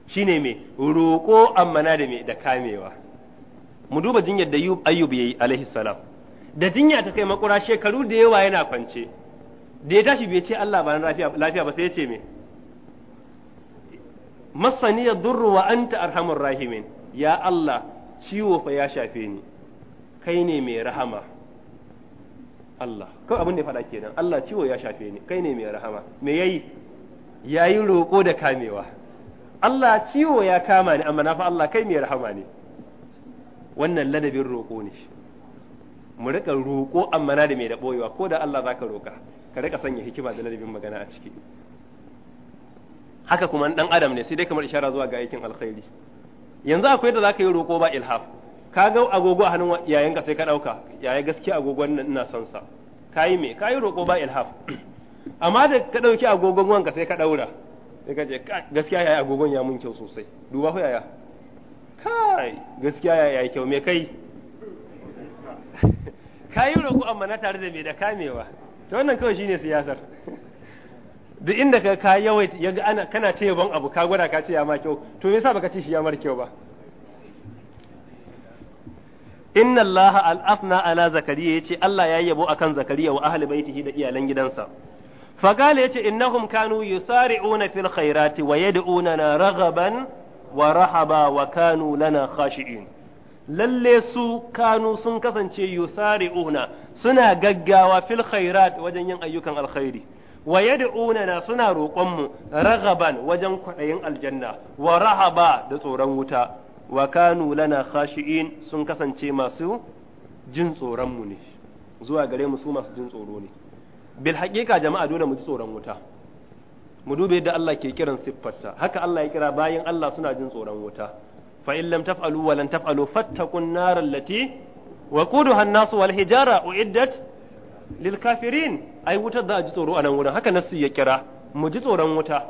Shi ne me roƙo ammana da me da kamewa mu duba jinyar da ayyub yayi alaihi salam da jinya ta kai makura shekaru da yawa yana kwance da ya tashi bai ce Allah ba lafiya ba sai ya ce me masani ya durru wa anta arhamur rahimin ya Allah ciwo fa ya shafe ni kai ne mai rahama Allah kawai abin da ya faɗa kenan Allah ciwo ya shafe ni kai ne mai rahama me yayi yayi roƙo da kamewa Allah ciwo ya kama ni amma na fa Allah kai mai rahama ne wannan ladabin roƙo ne mu rika roƙo amma na da mai da ɓoyewa ko da Allah zaka roƙa ka rika sanya hikima da ladabin magana a ciki haka kuma dan adam ne sai dai kamar ishara zuwa ga aikin alkhairi yanzu akwai da zaka yi roƙo ba ilhaf ka ga agogo a hannun ka sai ka dauka yayi gaskiya agogon nan ina son sa kayi me kayi roƙo ba ilhaf amma da ka dauki agogon wanka sai ka daura sai ka ce gaskiya yaya agogon ya mun kyau sosai duba ku yaya kai gaskiya yaya kyau me kai kayi roƙo amma na tare da me da kamewa ta wannan kawai shine siyasar duk inda ka ka yawai ya ga ana kana ce yabon abu ka gwada ka ce ya ma kyau to me yasa baka ce shi ya mar kyau ba inna allaha al-afna ala zakariya yace Allah ya yabo akan zakariya wa ahli baitihi da iyalan gidansa fagala yace innahum kanu yusari'una fil khairati wa yad'unana raghaban wa rahaba wa lana lalle su kanu sun kasance yusari'una suna gaggawa fil khairat wajen yin ayyukan alkhairi wa yad'unana suna roƙon mu raghaban wajen kwaɗayin aljanna wa rahaba da tsoron wuta wa kanu lana khashi'in sun kasance masu jin tsoron mu ne zuwa gare mu su masu jin tsoro ne bil haƙiƙa jama'a dole mu ji tsoron wuta mu dube yadda Allah ke kiran siffarta haka Allah ya kira bayan Allah suna jin tsoron wuta fa in lam taf'alu wa lan taf'alu fattaqun nar allati waquduha an-nas wal hijara uiddat lil kafirin ai wutar da a ji tsoro a nan wurin haka nasu ya kira mu ji tsoron wuta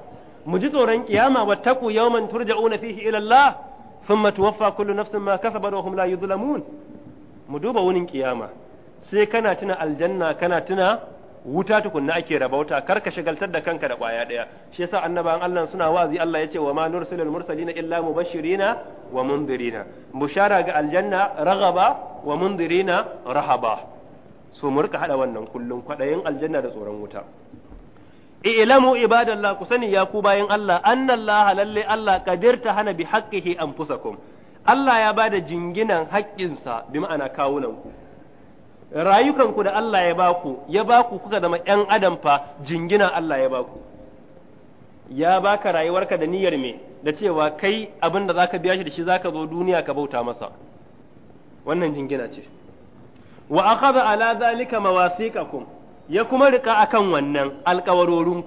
mu ji tsoron kiyama wattaqu yawman turja'una fihi ila Allah thumma tuwaffa kullu nafsin ma kasabat wa hum la yuzlamun mu duba wunin kiyama sai kana tuna aljanna kana tuna wuta tukunna ake rabauta kar ka shagaltar da kanka da kwaya ɗaya. shi yasa annabawan Allah suna wazi Allah yace wa ma nursilul mursalina illa mubashirina wa mundirina bushara ga aljanna ragaba wa mundirina rahaba su murka hada wannan kullun kwadayin aljanna da tsoron wuta ilamu ibadallah ku sani ya ku bayin Allah annallaha lalle Allah qadirta hana bi haqqihi anfusakum Allah ya bada jinginan haƙƙinsa bi ma'ana kawunan rayukanku da Allah ya baku ya baku kuka zama ‘yan adam fa jingina Allah ya baku ya baka rayuwarka da niyyar me da cewa kai abin da zaka biya shi da shi zaka zo duniya ka bauta masa wannan jingina ce wa akhadha ala zalika mawasiqakum ya kuma rika akan wannan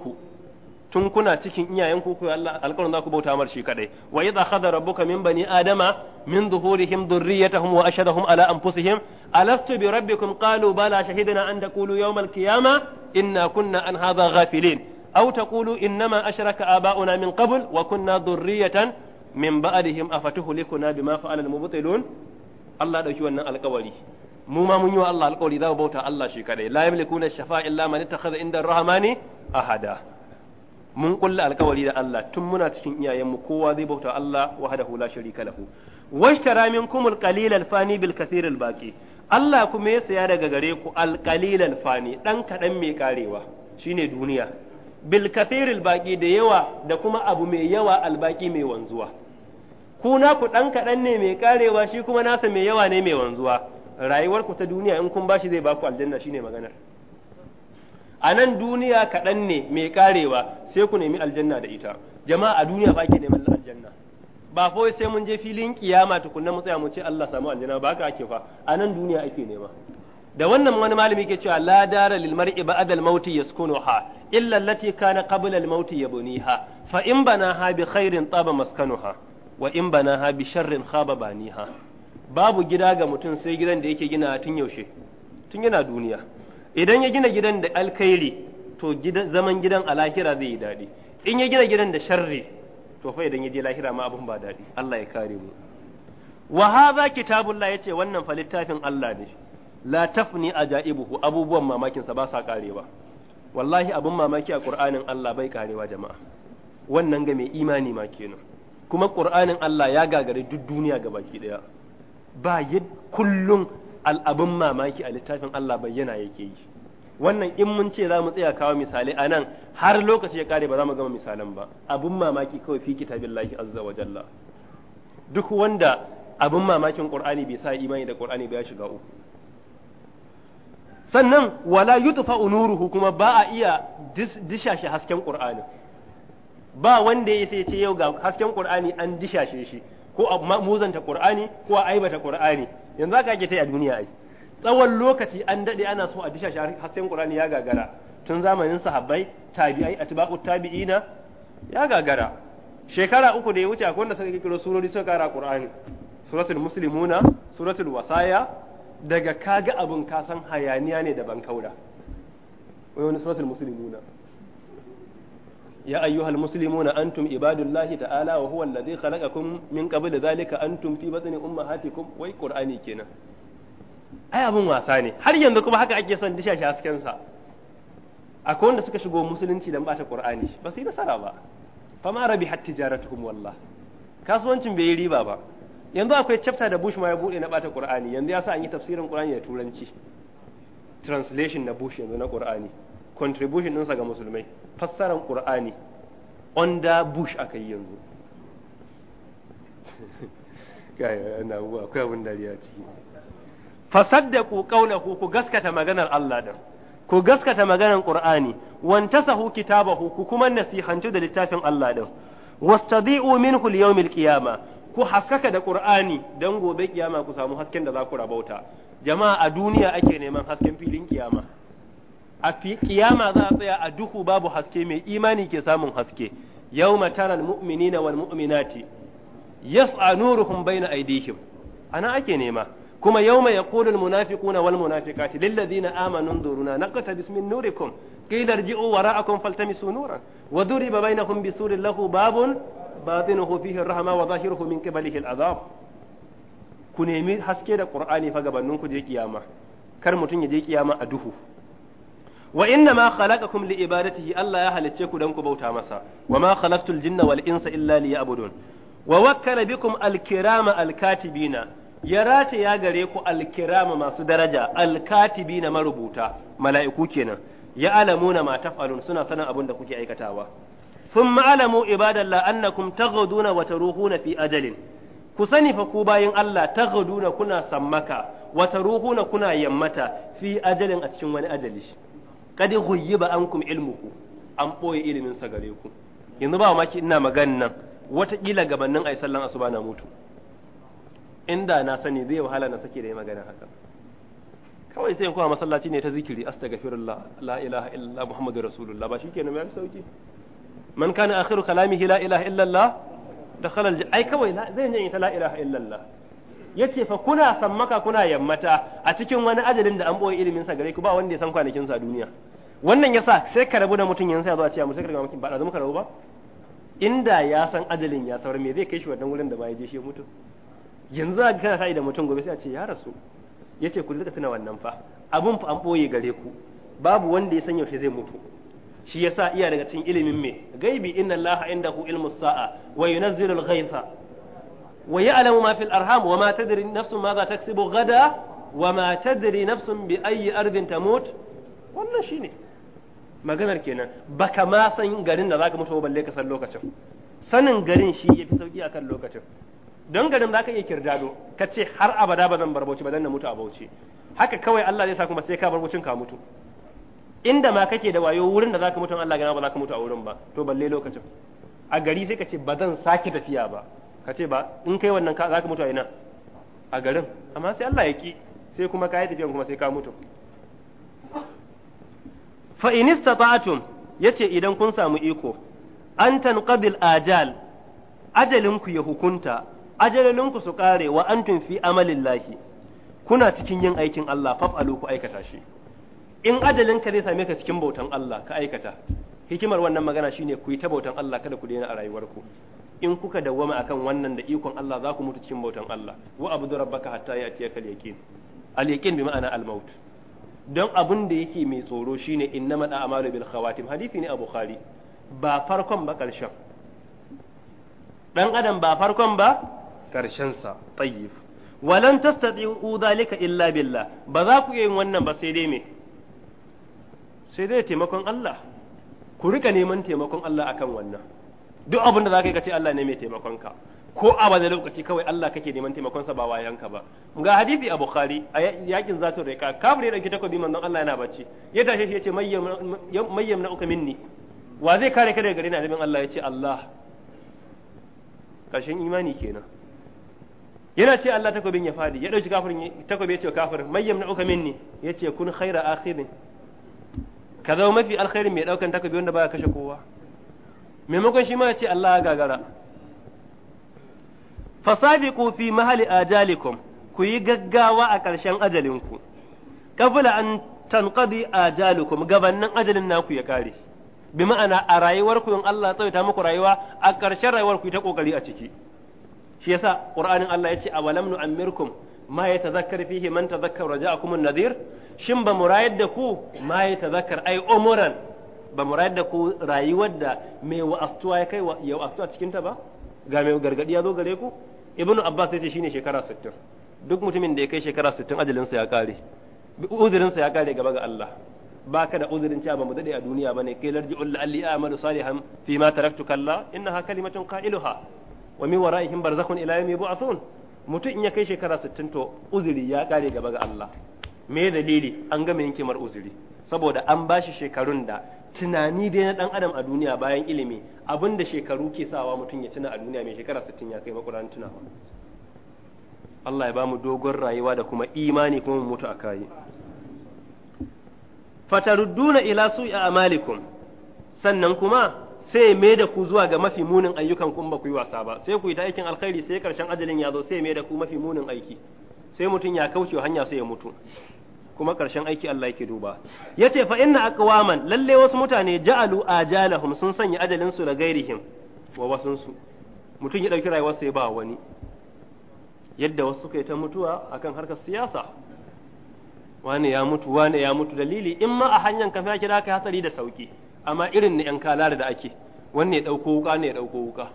ku. tun kuna cikin iyayen ku Allah alƙawarin za ku bauta mar shi kadai wa idza khadha rabbuka min bani adama min zuhurihim dhurriyyatahum wa ashhadahum ala anfusihim alastu bi rabbikum qalu bala shahidna an taqulu yawmal al-qiyamah inna kunna an hadha ghafilin aw taqulu innama ashraka aba'una min qabl wa kunna dhurriyyatan min ba'dihim afatuhlikuna bima fa'ala al-mubtilun Allah dauki wannan alƙawari mu ma mun yi wa Allah alƙawari za mu bauta Allah shi kadai la yamlikuna shafa'a illa man ittakhadha inda ar-rahmani ahada mun kulla alkawari da Allah tun muna cikin iyayenmu kowa zai bauta Allah wahdahu la sharika lahu washtara minkum alqalil alfani bil kathir albaqi Allah kuma ya saya daga gare ku alqalil fani dan kadan mai karewa shine duniya bil kathir albaqi da yawa da kuma abu mai yawa albaƙi mai wanzuwa ku na ku dan kadan ne mai karewa shi kuma nasa mai yawa ne mai wanzuwa rayuwar ku ta duniya in kun bashi zai baku aljanna shine maganar a nan duniya kaɗan ne mai karewa sai ku nemi aljanna da ita jama'a a duniya ba ke neman aljanna ba fa sai mun je filin kiyama tukunna mu tsaya mu ce Allah samu aljanna ba haka ake fa a nan duniya ake nema da wannan wani malami ke cewa la dara lil mar'i ba'da al mauti yaskunuha illa allati kana qabla al mauti yabniha fa in bana ha bi khairin taba maskanuha wa in bana ha bi sharrin khaba baniha babu gida ga mutum sai gidan da yake gina tun yaushe tun yana duniya idan ya gina gidan da alkhairi to zaman gidan a lahira zai yi daɗi in ya gina gidan da sharri to fa idan ya je lahira ma abun ba daɗi Allah ya kare mu wa hadha kitabullah yace wannan fa littafin Allah ne la tafni ajaibuhu abubuwan mamakin sa ba sa karewa wallahi abun mamaki a Qur'anin Allah bai karewa jama'a wannan ga mai imani ma kenan kuma Qur'anin Allah ya gagare duk duniya gabaki daya ba yad kullum al'abin mamaki a littafin Allah bayyana yake yi wannan in mun ce za mu tsaya kawo misali a nan har lokaci ya kare ba za mu gama misalan ba abin mamaki kawai fi kitabillahi azza wa jalla duk wanda abin mamakin qur'ani bai sa imani da qur'ani ba ya shiga uku sannan wala yutfa unuruhu kuma ba a iya dishashe hasken qur'ani ba wanda ya sai ce yau ga hasken qur'ani an dishashe shi ko a muzanta qur'ani ko a aibata qur'ani yanzu aka ake ta a duniya ai tsawon lokaci an dade ana so a disha shi har sai Qur'ani ya gagara tun zamanin sahabbai tabi'ai atba'u tabi'ina ya gagara shekara uku da ya wuce akwai wanda suka kiro surori suka kara Qur'ani suratul muslimuna suratul wasaya daga kaga abun kasan hayaniya ne da ban kaura wai wani suratul muslimuna ya ayyuhal muslimuna antun ibadullahi ta'ala wa huwa alladhi khalaqakum min qabl dhalika antum fi batni ummahatikum wai qur'ani kenan ai abin wasa ne har yanzu kuma haka ake son dishashi hasken sa akwai wanda suka shigo musulunci dan bata qur'ani ba sai nasara ba fama rabihat tijaratuhum wallah kasuwancin bai yi riba ba yanzu akwai chapter da Bush ma ya bude na bata Qur'ani yanzu ya sa an yi tafsirin Qur'ani da turanci translation na Bush yanzu na Qur'ani contribution ɗinsa ga musulmai fassaran ƙur'ani onda bush aka yi yanzu akwai abin dariya ciki ku gaskata maganar Allah da ku gaskata maganar Qur'ani wantasahu kitabahu ku kuma nasihantu da littafin Allah da wastadi'u minhu al qiyama ku haskaka da Qur'ani don gobe kiyama ku samu hasken da za ku rabauta jama'a a duniya ake neman hasken filin kiyama a fi kiyama za a tsaya a duhu babu haske mai imani ke samun haske yawma taral mu'minina wal mu'minati yas'a nuruhum bayna aydihim ana ake nema kuma yau mai al munafiquna wal munafiqati lil ladina amanu duruna naqtabis min nurikum qila irji'u wara'akum faltamisu nuran wa duriba bainahum bisurin lahu babun batinuhu fihi rahma wa zahiruhu min qibalihi al-'adab ku nemi haske da qur'ani fa gabanin ku je kiyama kar mutun ya je kiyama a duhu wa inna ma khalaqakum li ibadatihi Allah ya halicce ku dan ku bauta masa wa ma khalaqtul jinna wal insa illa liya'budun wa wakkala bikum al-kirama al-katibina ya rata ya gare ku al-kirama masu daraja al-katibina marubuta mala'iku kenan ya alamuna ma taf'alun suna sanin abin da kuke aikatawa thumma alamu ibadallah annakum taghaduna wa taruhuna fi ajalin ku sani fa ku bayin Allah taghaduna kuna sammaka wa taruhuna kuna yammata fi ajalin a cikin wani ajali kad ghuyyiba ankum ilmuhu an ɓoye ilimin sa gare ku yanzu ba maki ina magana nan kila gabanin ai sallan asuba na mutu inda na sani zai wahala na sake da yi maganin haka kawai sai in kuma masallaci ne ta zikiri astaghfirullah la ilaha illallah muhammadur rasulullah ba shikenan ya fi sauki man kana akhiru kalamihi la ilaha illallah dakhala ai kawai zai yi ta la ilaha illallah yace fa kuna sammaka kuna yammata a cikin wani ajalin da an boye ilimin sa gare ku ba wanda ya san kwanakin sa duniya wannan yasa sai ka rabu da mutum yanzu sai zo a ce mu sai ka rabu mutum ba da muka rabu ba inda ya san ajalin ya saura me zai kai shi wannan wurin da ba ya je shi mutu yanzu a kana sai da mutum gobe sai a ce ya rasu yace ku rika tuna wannan fa abun fa an boye gare ku babu wanda ya san yaushe zai mutu shi yasa iya daga cikin ilimin me gaibi inna allaha indahu ilmus sa'a wa yunazzilu al-ghaytha wa ya'lamu ma fil arham wa ma tadri nafsun ma za taksibu gada wa ma tadri nafsun bi ayyi ardin tamut wannan shine maganar kenan baka ma san garin da zaka mutu balle ka san lokacin sanin garin shi yafi sauki akan lokacin don garin zaka iya kirdado ka ce har abada ba zan bar Bauchi ba dan na mutu a Bauchi haka kawai Allah zai sa kuma sai ka bar Bauchin ka mutu inda ma kake da wayo wurin da zaka mutu Allah gana ba zaka mutu a wurin ba to balle lokacin a gari sai ka ce ba zan sake tafiya ba ka ce ba in kai wannan ka zaka mutu a ina a garin amma sai Allah ya ki sai kuma ka yi tafiyan kuma sai ka mutu fa in istata'tum yace idan kun samu iko an tanqadil ajal ajalinku ya hukunta ku su kare wa antum fi amalillahi kuna cikin yin aikin Allah faf'alu ku aikata shi in ajalinka zai same ka cikin bautan Allah ka aikata hikimar wannan magana shine ku yi ta bautan Allah kada ku daina a ku in kuka dawwama akan wannan da ikon Allah za ku mutu cikin bautan Allah wa abudu rabbaka hatta ya'tiyakal yaqin al-yaqin bi ma'ana al-maut don abin da yake mai tsoro shine inna da amalu bil khawatim hadisi ne a bukhari ba farkon ba karshen dan adam ba farkon ba karshen sa tayyib walan tastati'u dhalika illa billa ba za ku yin wannan ba sai dai me sai dai taimakon Allah ku rika neman taimakon Allah akan wannan duk abin da za ka yi ka ce Allah ne mai taimakon ka ko a wani lokaci kawai Allah kake neman taimakon sa ba wayanka ba ga hadisi a bukhari a yakin zatun ka kafir ya dauki takobi manzon Allah yana bacci ya tashi shi yace mayyam na uka minni wa zai kare ka daga gare ni azumin Allah yace Allah kashin imani kenan yana ce Allah takobin ya fadi ya dauki kafirin takobi yace kafir mayyam na uka minni yace kun khaira akhirin ka zama mafi alkhairin mai daukan takobi wanda baya kashe kowa maimakon shi ma yace ce Allah ya gagara fasabiqu fi mahali ajalikum ku yi gaggawa a ƙarshen ajalinku qabla an tanqadi ajalukum gabannin ajalin naku ya kare bi ma'ana a rayuwarku in Allah tsawaita muku rayuwa a ƙarshen rayuwarku ta kokari a ciki shi yasa qur'anin Allah yace awalam nu'ammirkum ma yatadhakkar fihi man tadhakkara raja'akum an-nadhir shin ba mu rayar da ku ma yatadhakkar ai umuran ba mu rayar da ku rayuwar da mai wa'astuwa ya kai wa'astuwa cikin ta ba ga mai gargadi ya zo gare ku ibnu abbas yace shine shekara 60 duk mutumin da ya kai shekara 60 ajalinsa ya kare uzurinsa ya kare gaba ga Allah baka da uzurin cewa mu dade a duniya bane kai larji ulla alli a'malu salihan fi ma taraktu kalla innaha kalimatun qailuha wa min wara'ihim barzakhun ila yawmi yub'athun mutum in ya kai shekara 60 to uzuri ya kare gaba ga Allah me dalili an gama yanke mar uzuri saboda an ba shi shekarun da tunani dai na dan adam a duniya bayan ilimi abinda shekaru ke sawa mutum ya tuna a duniya mai shekara 60 ya kai makuran tunawa Allah ya bamu dogon rayuwa da kuma imani kuma mu mutu a kayi fatarudduna ila su'i amalikum sannan kuma sai mai da ku zuwa ga mafi munin ayyukan kun ba ku yi wasa ba sai ku yi ta aikin alkhairi sai karshen ajalin ya zo sai mai da ku mafi munin aiki sai mutum ya kauce hanya sai ya mutu kuma ƙarshen aiki Allah yake duba yace fa inna aqwaman lalle wasu mutane ja'alu ajalahum sun sanya ajalin su da gairihim wa wasun su mutum ya dauki rayuwar sai ba wani yadda wasu suka yi ta mutuwa akan harkar siyasa wani ya mutu wani ya mutu dalili in ma a hanyar kafa kira ka hatsari da sauki amma irin na yan kalar da ake wanne ya dauko wuka ne ya dauko wuka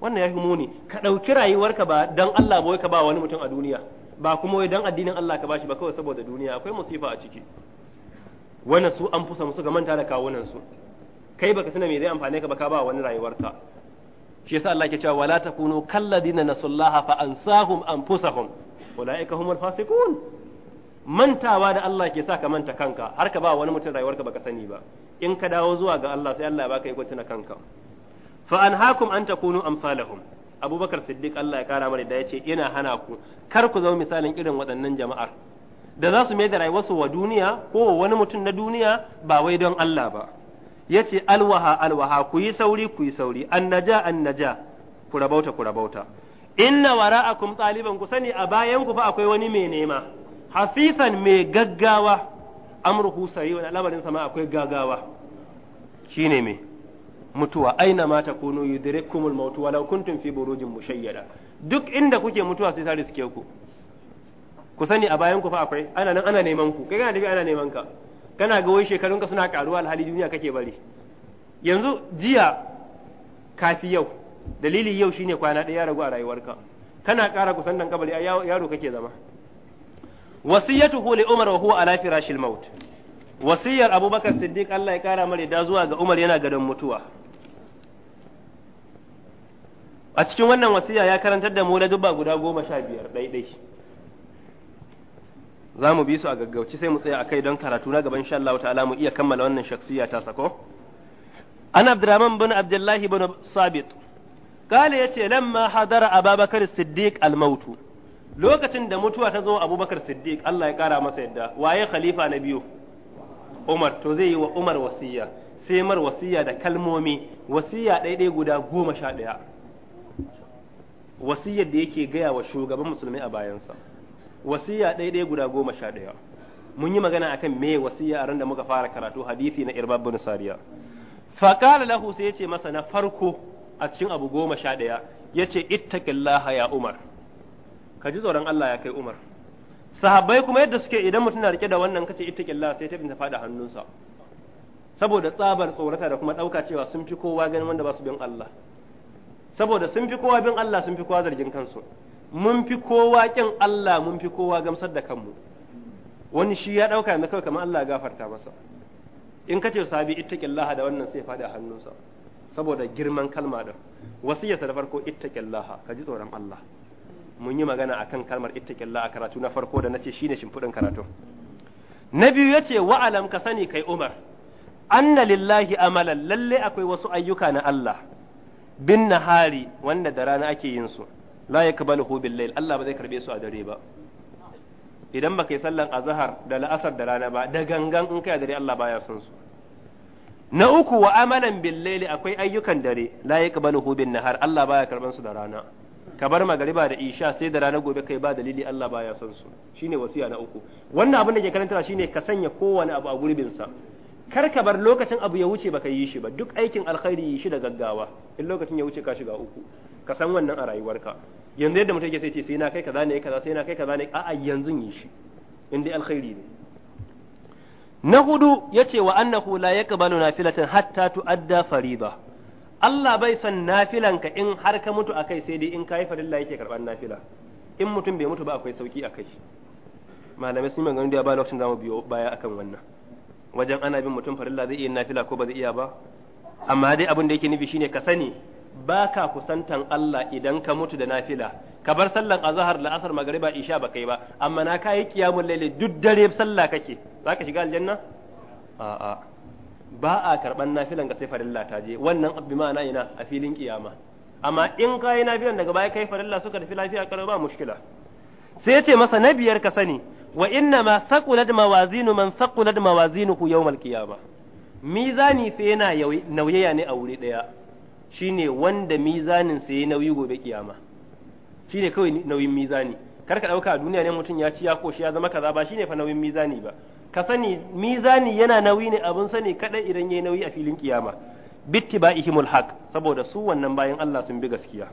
wannan ya fi muni ka dauki rayuwarka ba dan Allah ba ka ba wani mutum a duniya ba kuma wai dan addinin Allah ka bashi ba kawai saboda duniya akwai musifa a ciki wannan su an fusa musu ga manta da kawunan su kai baka tuna me zai amfane ka ba ka ba wani rayuwarka shi yasa Allah ke cewa wala takunu kalladina nasullaha fa ansahum anfusahum ulaika humul fasiqun mantawa da Allah ke sa ka manta kanka har ka ba wani mutum rayuwarka baka sani ba in ka dawo zuwa ga Allah sai Allah ya baka iko tuna kanka fa anhaakum an takunu amsalahum abubakar siddiq Allah ya kara mana da ya ce ina hana ku kar ku zama misalin irin waɗannan jama'ar da za su mai da rayuwarsu wa duniya ko wa wani mutum na duniya ba wai don Allah ba yace alwaha alwaha ku yi sauri ku yi sauri annaja annaja ku rabauta ku rabauta inna wara'akum ɗaliban ku sani a bayan ku fa akwai wani mai nema hafifan mai gaggawa amruhu sayi wani al'amarin sama akwai gaggawa shine mai. mutuwa aina ma kunu yudrikumul mautu walau kuntum fi burujin mushayyada duk inda kuke mutuwa sai ta riske ku ku sani a bayan ku fa akwai ana nan ana neman ku kai kana tafi ana neman ka kana ga wai shekarun ka suna karuwa alhali duniya kake bari yanzu jiya kafi yau dalili yau shine kwana ɗaya ragu a rayuwarka kana ƙara kusan dan kabari yaro kake zama wasiyatuhu li umar wa huwa ala firashil maut wasiyar abubakar siddiq Allah ya kara mare da zuwa ga umar yana gadon mutuwa a cikin wannan wasiya ya karantar da mu na dubba guda goma sha biyar ɗaiɗai za mu bi su a gaggauci sai mu tsaya kai don karatu na gaban sha Allah ta'ala mu iya kammala wannan shaksiya ta sako an abdurrahman bin abdullahi bin sabit kale yace lamma hadara ababakar siddiq almautu lokacin da mutuwa ta zo abubakar siddiq Allah ya kara masa yadda waye khalifa na biyu umar to zai yi wa umar wasiya sai mar wasiya da kalmomi wasiya ɗaiɗai guda goma sha ɗaya wasiyar da yake gaya wa shugaban musulmi a bayansa wasiya ɗaya guda goma sha ɗaya mun yi magana akan me wasiya a ran da muka fara karatu hadisi na irbab bin sariya fa qala lahu sai yace masa na farko a cikin abu goma sha ɗaya yace ittaqillaha ya umar ka ji tsoron Allah ya kai umar sahabbai kuma yadda suke idan mutum na rike da wannan kace ittaqillaha sai ta binta fada hannunsa saboda tsabar tsorata da kuma ɗauka cewa sun fi kowa ganin wanda ba su bin Allah saboda sun fi kowa bin Allah sun fi kowa zargin kansu mun fi kowa kin Allah mun fi kowa gamsar da kanmu wani shi ya dauka yanzu kawai kamar Allah ya gafarta masa in kace sabi ittaqillaha da wannan sai fada hannunsa saboda girman kalma din wasiyarsa da farko ittaqillaha ka ji tsoron Allah mun yi magana akan kalmar ittaqillaha karatu na farko da nace shine shimfudin karatu na biyu yace wa'alam ka sani kai Umar anna lillahi amalan lalle akwai wasu ayyuka na Allah bin nahari wanda da rana ake yin su la yakbaluhu bil layl Allah ba zai karbe su a dare ba idan baka yi sallan azhar da la'asar da rana ba da gangan in kai a dare Allah baya son su na uku wa amalan bil layl akwai ayyukan dare la yakbaluhu bin nahar Allah baya karban su da rana ka bar magariba da isha sai da rana gobe kai ba dalili Allah baya son su shine wasiya na uku wannan abin da ke karanta shine ka sanya kowane abu a gurbin sa kar ka bar lokacin abu ya wuce baka yi shi ba duk aikin alkhairi yi shi da gaggawa in lokacin ya wuce ka shiga uku ka san wannan a rayuwarka yanzu yadda mutum yake sai ce sai na kai kaza ne kaza sai na kai kaza ne a'a yanzu yi shi in dai alkhairi ne na hudu yace wa annahu la yaqbalu nafilatan hatta tu'adda fariba Allah bai son ka in har ka mutu akai sai dai in kai farilla yake karban nafila in mutum bai mutu ba akwai sauki akai malamai sun yi magana da ba lokacin zamu biyo baya akan wannan wajen ana bin mutum farilla zai iya nafila ko ba zai iya ba amma dai abin da yake nufi shine ka sani baka kusantan Allah idan ka mutu da nafila ka bar sallan azhar la asar magriba isha ba kai ba amma na kai qiyamul laili duk dare sallah kake zaka shiga aljanna a ba a karban nafilan ka sai farilla ta je wannan abbi ma'ana ina a filin kiyama amma in kai nafilan daga baya kai farilla suka tafi lafiya karo ba mushkila sai ya ce masa na biyar ka sani wa inna ma saqulat mawazinu man saqulat ku yawmal qiyamah mizani fa yana nauyaya ne a wuri daya shine wanda mizanin sa nauyi gobe kiyama shine kawai nauyin mizani kar ka dauka a duniya ne mutum ya ci ya koshi ya zama kaza ba shine fa nauyin mizani ba ka sani mizani yana nauyi ne abun sani kada idan yayi nauyi a filin kiyama bittiba'ihimul haq saboda su wannan bayan Allah sun bi gaskiya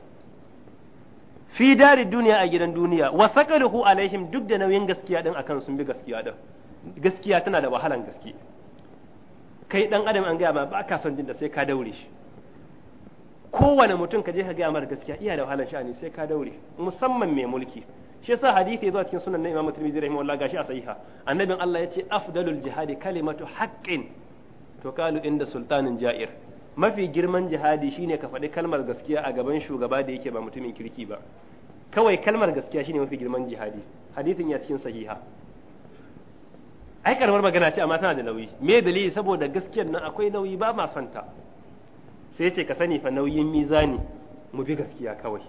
fi dari duniya a gidan duniya wa sakaruhu alaihim duk da nauyin gaskiya din akan sun bi gaskiya din gaskiya tana da wahalan gaske kai dan adam an gaya ma ba ka son jin da sai ka daure shi kowane mutum ka je ka gaya mara gaskiya iya da wahalan sha'ani sai ka daure musamman mai mulki shi yasa hadisi zuwa cikin sunan na Imam Tirmidhi rahimahullah gashi a sahiha annabin Allah yace afdalul jihadi kalimatu haqqin to kalu inda sultanin ja'ir mafi girman jihadi shine ka faɗi kalmar gaskiya a gaban shugaba da yake ba mutumin kirki ba kawai kalmar gaskiya shine mafi girman jihadi hadithin ya cikin sahiha ai karamar magana ce amma tana da nauyi me dalili saboda gaskiyar nan akwai nauyi ba ma santa sai ce ka sani fa nauyin mizani mu bi gaskiya kawai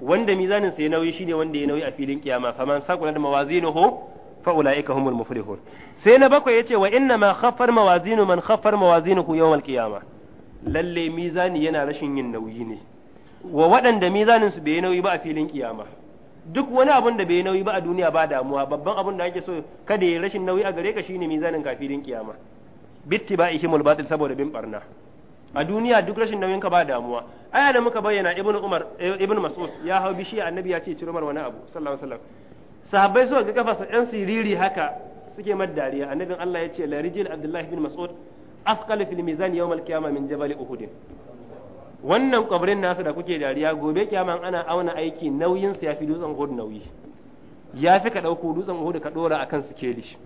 wanda mizanin sai nauyi shine wanda ya nauyi a filin kiyama saqala da mawazinuhu fa ulaika humul muflihun sai na bakwai yace wa inna ma khaffar mawazinu man khaffar mawazinuhu yawmal qiyamah lalle mizani yana rashin yin nauyi ne wa waɗanda mizanin su bai nauyi ba a filin kiyama duk wani abun da bai nauyi ba a duniya ba damuwa babban abun da ake so kada ya rashin nauyi a gare ka shine mizanin ka filin kiyama bittiba'ihimul batil saboda bin barna a duniya duk rashin nauyin ka ba damuwa aya da muka bayyana ibn umar eh, ibn mas'ud ya hau bishiya annabi ya ce ciro mar wani abu sallallahu alaihi wasallam sahabbai suka ga kafarsa yan siriri haka suke mad dariya annabin Allah ya ce la rijil abdullahi bin mas'ud asqala fil mizan yawm al qiyamah min jabal uhud wannan kabrin nasu da kuke dariya gobe kiyama ana auna aiki nauyin sa yafi dutsen uhud nauyi yafi ka dauko dutsen uhud ka dora akan sikeli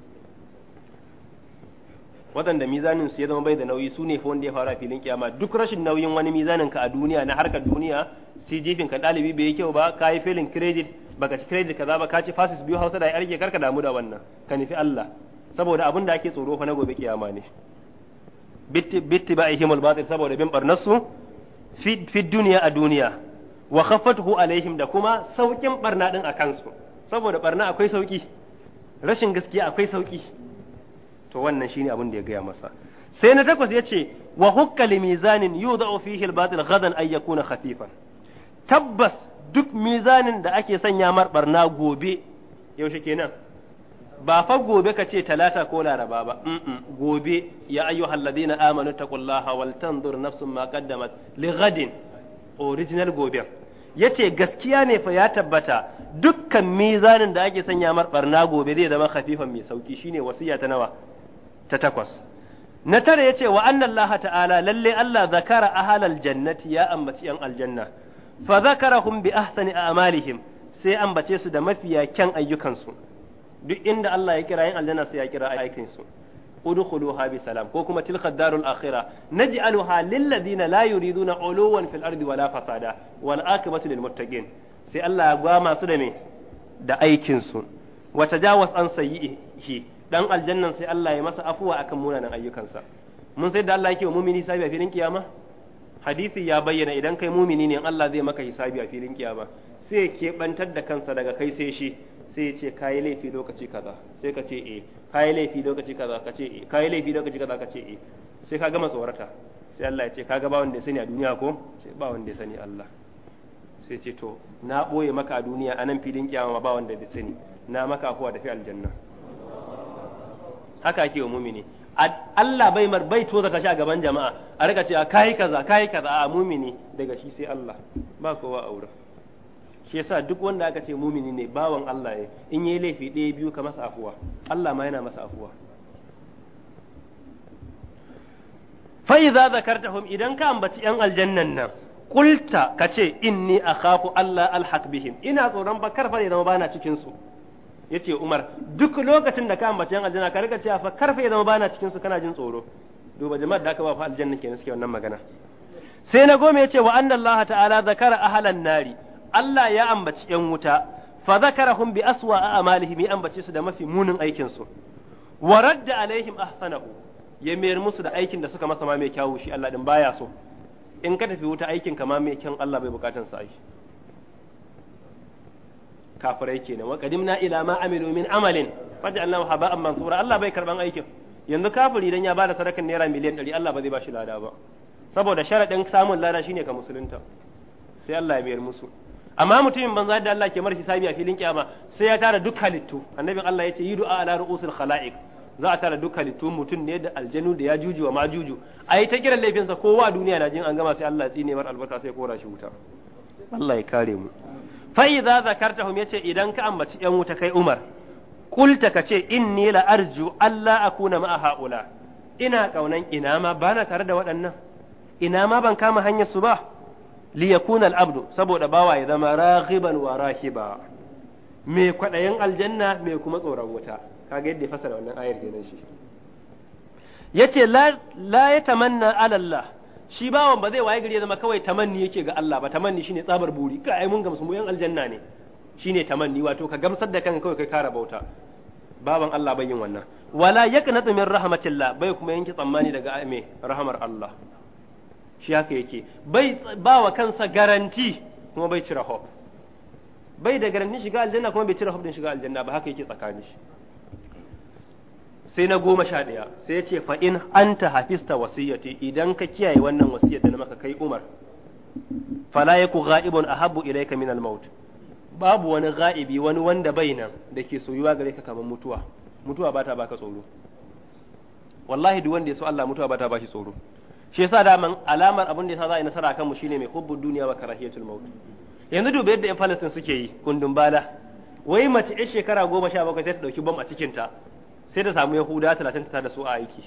waɗanda mizanin su ya zama bai da nauyi su ne wanda ya fara filin kiyama duk rashin nauyin wani mizanin ka a duniya na harka duniya jifin ka dalibi bai yi kyau ba ka yi filin credit baka ci credit kaza ba ka ci fasis biyu Hausa da ya arge karka damu da wannan ka nufi Allah saboda abin da ake tsoro fa na gobe kiyama ne bitti ba ihimul batil saboda bin barnarsu fi duniya a duniya wa khaffatuhu alaihim da kuma saukin barna din a kansu saboda barna akwai sauki rashin gaskiya akwai sauki to wannan shine abin da ya gaya masa sai na takwas yace wa hukka mizanin yudau fihi al-batil ghadan ay yakuna khafifan tabbas duk mizanin da ake sanya mar barna gobe yaushe kenan ba fa gobe ka ce talata ko laraba ba gobe ya ayu ladina amanu taqullaha wal tanzur nafsun ma qaddamat li original gobe yace gaskiya ne fa ya tabbata dukkan mizanin da ake sanya mar barna gobe zai zama khafifan mai sauki shine wasiya ta nawa ta takwas na tare yace wa annallaha ta'ala lalle Allah zakara ahalal jannati ya ambaci yan aljanna fa zakarahum bi ahsani a'malihim sai ambace su da mafiya kyan ayyukansu duk inda Allah ya kira yin aljanna sai ya kira aikin su udkhuluha bi salam ko kuma tilka darul akhira naj'aluha lil ladina la yuriduna uluwan fil ardi wala fasada wal akibatu lil muttaqin sai Allah ya gwa masu da me da aikin su wa tajawaz an sayyihi dan aljannan sai Allah ya masa afuwa akan munanan ayyukansa mun sai da Allah yake wa mumini sabi a filin kiyama hadisi ya bayyana idan kai mumini ne Allah zai maka hisabi a filin kiyama sai ya keɓantar da kansa daga kai sai shi sai ya ce kayi laifi lokaci kaza sai ka ce eh kayi laifi lokaci kaza ka ce eh kayi laifi lokaci kaza ka ce eh sai ka gama tsorata sai Allah ya ce ga ba wanda ya sani a duniya ko sai ba wanda ya sani Allah sai ce to na boye maka a duniya anan filin kiyama ba wanda ya sani na maka kuwa da fi aljanna haka ake wa mumini Allah bai mar bai to zaka shi a gaban jama'a a rika cewa kai kaza kai kaza a mumini daga shi sai Allah ba kowa a wurin shi yasa duk wanda aka ce mumini ne bawan Allah ne in yayi laifi ɗaya biyu ka masa afuwa Allah ma yana masa afuwa fa idza zakartahum idan ka ambaci yan aljannan nan qulta kace inni akhafu Allah alhaq bihim ina tsoron ba karfa ne zama bana cikin su yace Umar duk lokacin da ka ambaci yan aljanna ka rika cewa fa karfa ya zama bana cikin su kana jin tsoro duba jama'ar da aka ba fa aljanna kenan suke wannan magana sai na goma yace wa anna Allah ta'ala zakara ahlan nari Allah ya ambaci ‘yan wuta, fa zakara bi aswa a amalihim ya ambace su da mafi munin aikinsu, wa radda alaihim ahsanahu ya mayar musu da aikin da suka masa ma mai kyawu shi Allah din baya so, in ka tafi wuta aikin ka ma mai kyan Allah bai bukatan sa aiki. Kafirai kenan, wa qadimna ila ma amilu min amalin faj'alnahu haba'an mansura Allah bai karban aikin. Yanzu kafiri dan ya bada sadakan naira miliyan ɗari Allah ba zai ba shi lada ba. Saboda sharaɗin samun lada shine ka musulunta. Sai Allah ya mayar musu. amma mutumin banza da Allah ke mar hisabi a filin kiyama sai ya tara duk halittu annabin Allah yace yidu ala ru'usil khalaiq za a tara duk halittu mutum ne da aljanu da ya juju wa ma juju ai ta kiran laifinsa kowa duniya na jin an gama sai Allah tsine mar albarka sai kora shi wuta Allah ya kare mu fa idza zakartahum yace idan ka ambaci yan wuta kai Umar kulta kace inni la arju alla akuna ma haula ina kaunan ina ma bana tare da waɗannan ina ma ban kama hanyar su ba liyakuna Abdu saboda bawa ya zama raghiban wa rahiba me kwaɗayin aljanna me kuma tsoron wuta kaga yadda ya fasara wannan ayar kenan shi yace la la yatamanna ala Allah shi bawan ba zai waye gari ya zama kawai tamanni yake ga Allah ba tamanni shine tsabar buri ka ai mun gamsu mu yan aljanna ne shine tamanni wato ka gamsar da kanka kawai kai kara bauta baban Allah bayin wannan wala yaknatu min rahmatillah bai kuma yanke tsammani daga eh, me rahamar Allah shi haka yake bai ba wa kansa garanti kuma bai cire hob. bai da garantin shiga aljanna kuma bai cire hob din shiga aljanna ba haka yake tsakanin shi sai na goma sha ɗaya sai ya ce fa in anta hafista wasiyyati idan ka kiyaye wannan wasiyyar da na maka kai Umar fala yaku ghaibun ahabbu ilayka min al-maut babu wani ghaibi wani wanda bai nan da ke soyuwa gare ka kamar mutuwa mutuwa bata ta baka tsoro wallahi duk wanda ya so Allah mutuwa ba bashi tsoro shi yasa daman alamar abin da yasa za a yi nasara kan mu shine mai hubbud duniya wa karahiyatul maut yanzu duba yadda ƴan Palestine suke yi kundin bala wai mace yar shekara goma sha bakwai sai ta dauki bom a cikin ta sai ta samu yahuda talatin ta da su a aiki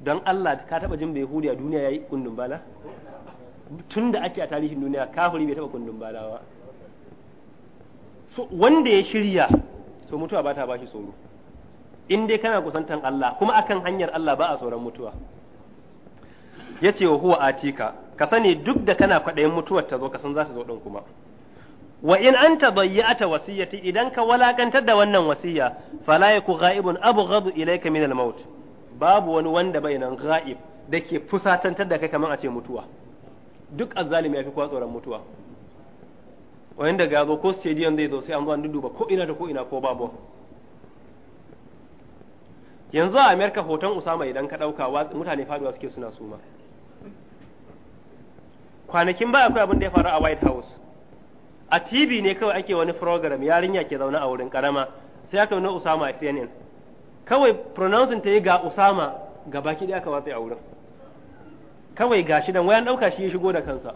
don Allah ka taba jin bai yahudi a duniya yayi kundin bala tun da ake a tarihin duniya kafiri bai taba kundin bala ba so wanda ya shirya so mutuwa ba ta bashi tsoro in dai kana kusantan Allah kuma akan hanyar Allah ba a tsoron mutuwa yace wa huwa atika ka sani duk da kana kwaɗayin mutuwar ta zo ka san za ta zo ɗin kuma wa in an ta bayyata ta idan ka walakantar da wannan wasiya fala yaku ghaibun abghadu ilayka min al-maut babu wani wanda bai nan ghaib dake fusatantar da kai kamar a ce mutuwa duk azzalimi yafi kowa tsoron mutuwa wayan daga yazo ko stadium zai zo sai an zo an duduba ko ina da ko ina ko babu yanzu a America hoton Usama idan ka dauka mutane faduwa suke suna suma kwanakin ba akwai abin da ya faru a White House a TV ne kawai ake wani program yarinya ke zaune a wurin karama sai aka nuna Usama a CNN kawai pronouncing ta yi ga Usama ga baki da aka watsa a wurin kawai gashi dan wayan dauka shi ya shigo da kansa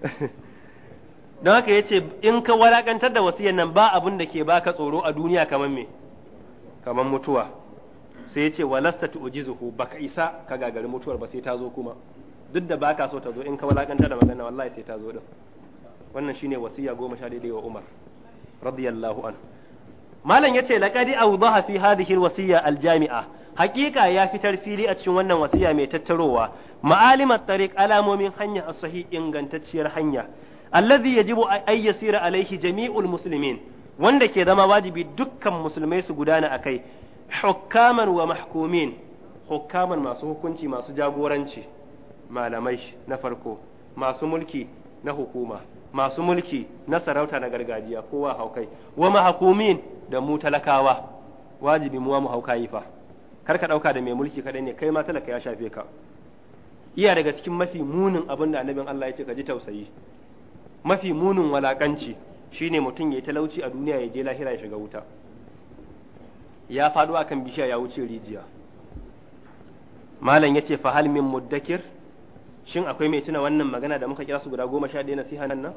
don haka ya ce in ka walakantar da wasiyan nan ba abin da ke baka tsoro a duniya kamar me kamar mutuwa sai ya ce walasta tu'jizuhu baka isa ka gagari mutuwar ba sai ta zo kuma duk da baka so ta zo in ka walakanta da magana wallahi sai ta zo din wannan shine wasiya goma sha daidai wa Umar radiyallahu an malam yace laqad awdaha fi hadhihi alwasiya aljami'a hakika ya fitar fili a cikin wannan wasiya mai tattarowa ma'alimat tariq alamomin hanya as-sahih ingantacciyar hanya alladhi yajibu ay yasira alaihi jami'ul muslimin wanda ke zama wajibi dukkan musulmai su gudana akai hukkaman wa mahkumin hukkaman masu hukunci masu jagoranci malamai na farko masu mulki na hukuma masu mulki na sarauta na gargajiya kowa haukai wa mahkumin da mu talakawa wajibi muwa mu hauka yi fa kar ka dauka da mai mulki kadai ne kai ma talaka ya shafe ka iya daga cikin mafi munin abin da annabin Allah ya ce ka ji tausayi mafi munin walakanci shine mutum ya yi talauci a duniya ya je lahira ya shiga wuta ya faɗo akan bishiya ya wuce rijiya malam yace fa hal min muddakir shin akwai mai tuna wannan magana da muka kira su guda goma sha ɗaya nasiha nan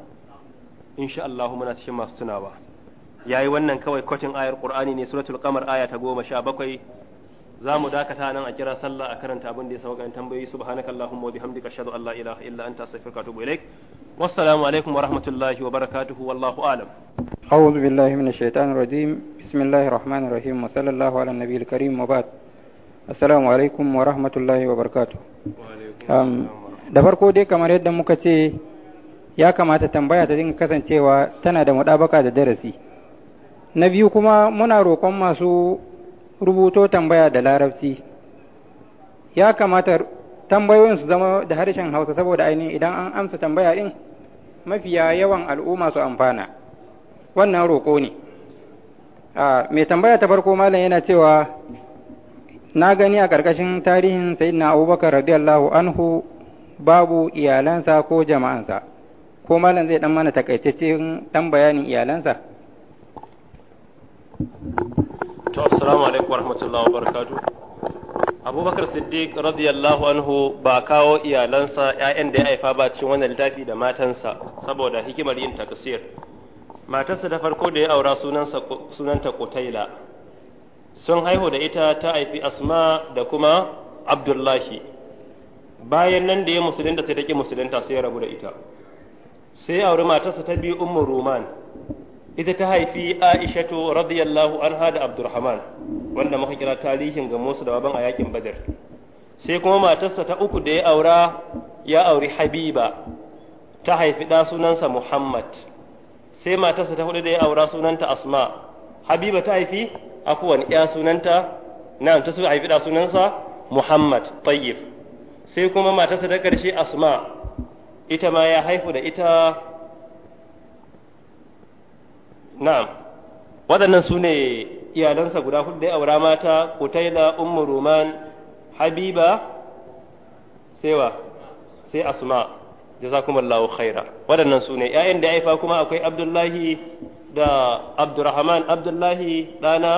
insha Allah muna cikin masu tunawa yayi wannan kawai kwatin ayar Qur'ani ne suratul qamar aya ta goma sha bakwai za mu dakata nan a kira sallah a karanta abin da ya sauka in tambayi allahumma wa bihamdika ashhadu an la ilaha illa anta astaghfiruka wa atubu ilaik wassalamu alaikum wa rahmatullahi wa barakatuhu wallahu alam أعوذ بالله من الشيطان الرجيم بسم الله الرحمن الرحيم وصلى الله على النبي الكريم وبعد السلام عليكم ورحمة الله وبركاته da farko dai kamar yadda muka ce ya kamata tambaya ta dinga kasancewa tana da muɗabaka da darasi na biyu kuma muna roƙon masu rubuto tambaya da larabci ya kamata tambayoyin su zama da harshen hausa saboda ainihin idan an amsa tambaya ɗin mafiya yawan al'umma su amfana wannan roƙo ne mai tambaya ta farko malam yana cewa na gani a ƙarƙashin tarihin sayyidina abubakar radiyallahu anhu babu iyalansa ko jama'ansa ko malam zai dan mana takaitaccen dan bayanin iyalansa to assalamu alaikum warahmatullahi wabarakatuh abubakar siddiq radiyallahu anhu ba kawo iyalansa 'ya'yan da ya haifa ba cikin wannan littafi da matansa saboda hikimar yin takasir matarsa ta farko da ya aura sunanta kutaila sun haihu da ita ta haifi asma da kuma abdullahi bayan nan da ya musulunta sai ta musulunta sai ya rabu da ita sai ya auri matarsa ta biyu ummu ruman ita ta haifi aishatu radiyallahu anha da abdurrahman wanda muka kira tarihin ga musu da baban a yakin badar sai kuma matarsa ta uku da ya aura ya auri habiba ta haifi ɗa sunansa muhammad sai matarsa ta hudu da ya aura sunanta asma habiba ta haifi akuwan ya sunanta na'am ta suka haifi da sunansa muhammad tayyib sai kuma matarsa ta karshe asma ita ma ya haifu da ita na'am waɗannan su ne iyalansa guda hudu da ya aura mata kutaila ummu ruman habiba sewa sai asma' jazakumullahu khaira waɗannan su ne ƴaƴan da ya kuma akwai abdullahi da abdurrahman abdullahi ɗana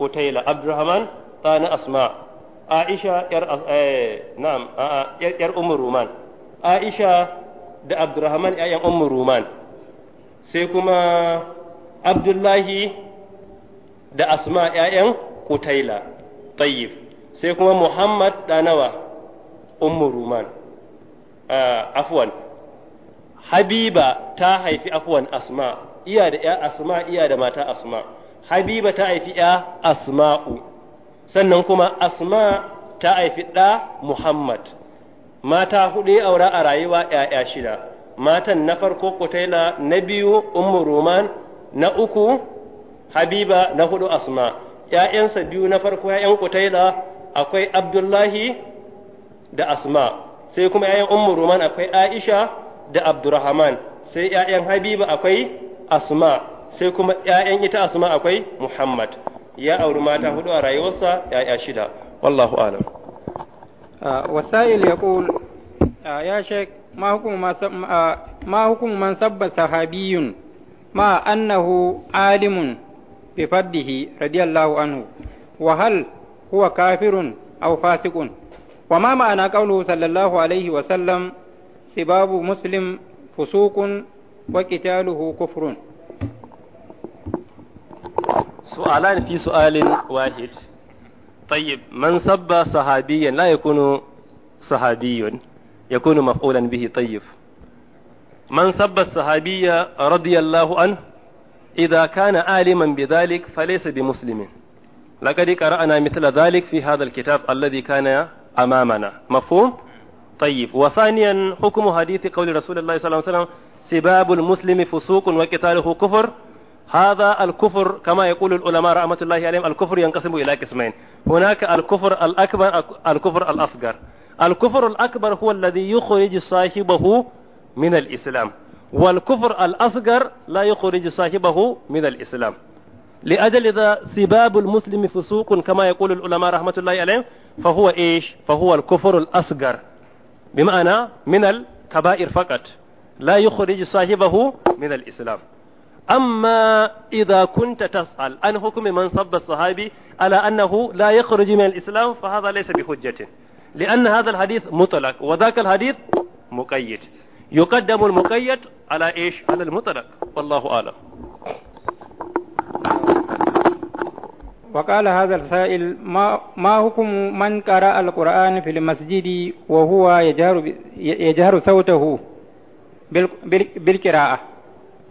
kutaila abdurrahman ɗana asma aisha yar eh, na'am yar ummu ruman aisha da abdurrahman ƴaƴan ummu ruman sai kuma abdullahi da asma ƴaƴan kutaila tayyib sai kuma muhammad ɗanawa ummu ruman Ah, afwan habiba ta haifi afwan asma iya da ya asma iya da mata asma habiba ta haifi ya asma'u sannan kuma asma ta haifi ɗa muhammad mata hudu ya aura a rayuwa ‘ya'ya shida matan na farko kutaila na biyu ummu roman na uku habiba na hudu asma ‘ya'yansa biyu na farko ‘ya'yan kutaila akwai abdullahi da asma sai kuma ‘ya'yan ummu ruman akwai aisha da abdurrahman sai ‘ya'yan habiba akwai asma sai kuma ‘ya'yan ita asma akwai muhammad ya auri mata hudu a rayuwarsa ‘ya'ya shida wallahu alam wasa'il ya ya shek ma hukum man sabba sahabiyun ma annahu alimun bi faddihi radiyallahu anhu wa hal huwa kafirun aw fasiqun وما معنى قوله صلى الله عليه وسلم سباب مسلم فسوق وقتاله كفر سؤالان في سؤال واحد طيب من سب صحابيا لا يكون صحابي يكون مفعولا به طيب من سب الصحابي رضي الله عنه إذا كان عالما بذلك فليس بمسلم لقد قرأنا مثل ذلك في هذا الكتاب الذي كان أمامنا مفهوم طيب وثانيا حكم حديث قول رسول الله صلى الله عليه وسلم سباب المسلم فسوق وقتاله كفر هذا الكفر كما يقول العلماء رحمة الله عليهم الكفر ينقسم إلى قسمين هناك الكفر الأكبر الكفر الأصغر الكفر الأكبر هو الذي يخرج صاحبه من الإسلام والكفر الأصغر لا يخرج صاحبه من الإسلام لأجل إذا سباب المسلم فسوق كما يقول العلماء رحمة الله عليهم فهو ايش فهو الكفر الاصغر بمعنى من الكبائر فقط لا يخرج صاحبه من الاسلام اما اذا كنت تسال عن حكم من صب الصحابي على انه لا يخرج من الاسلام فهذا ليس بحجه لان هذا الحديث مطلق وذاك الحديث مقيد يقدم المقيد على ايش على المطلق والله اعلم وقال هذا السائل ما, ما حكم من قرأ القرآن في المسجد وهو يجهر, يجهر صوته بالقراءة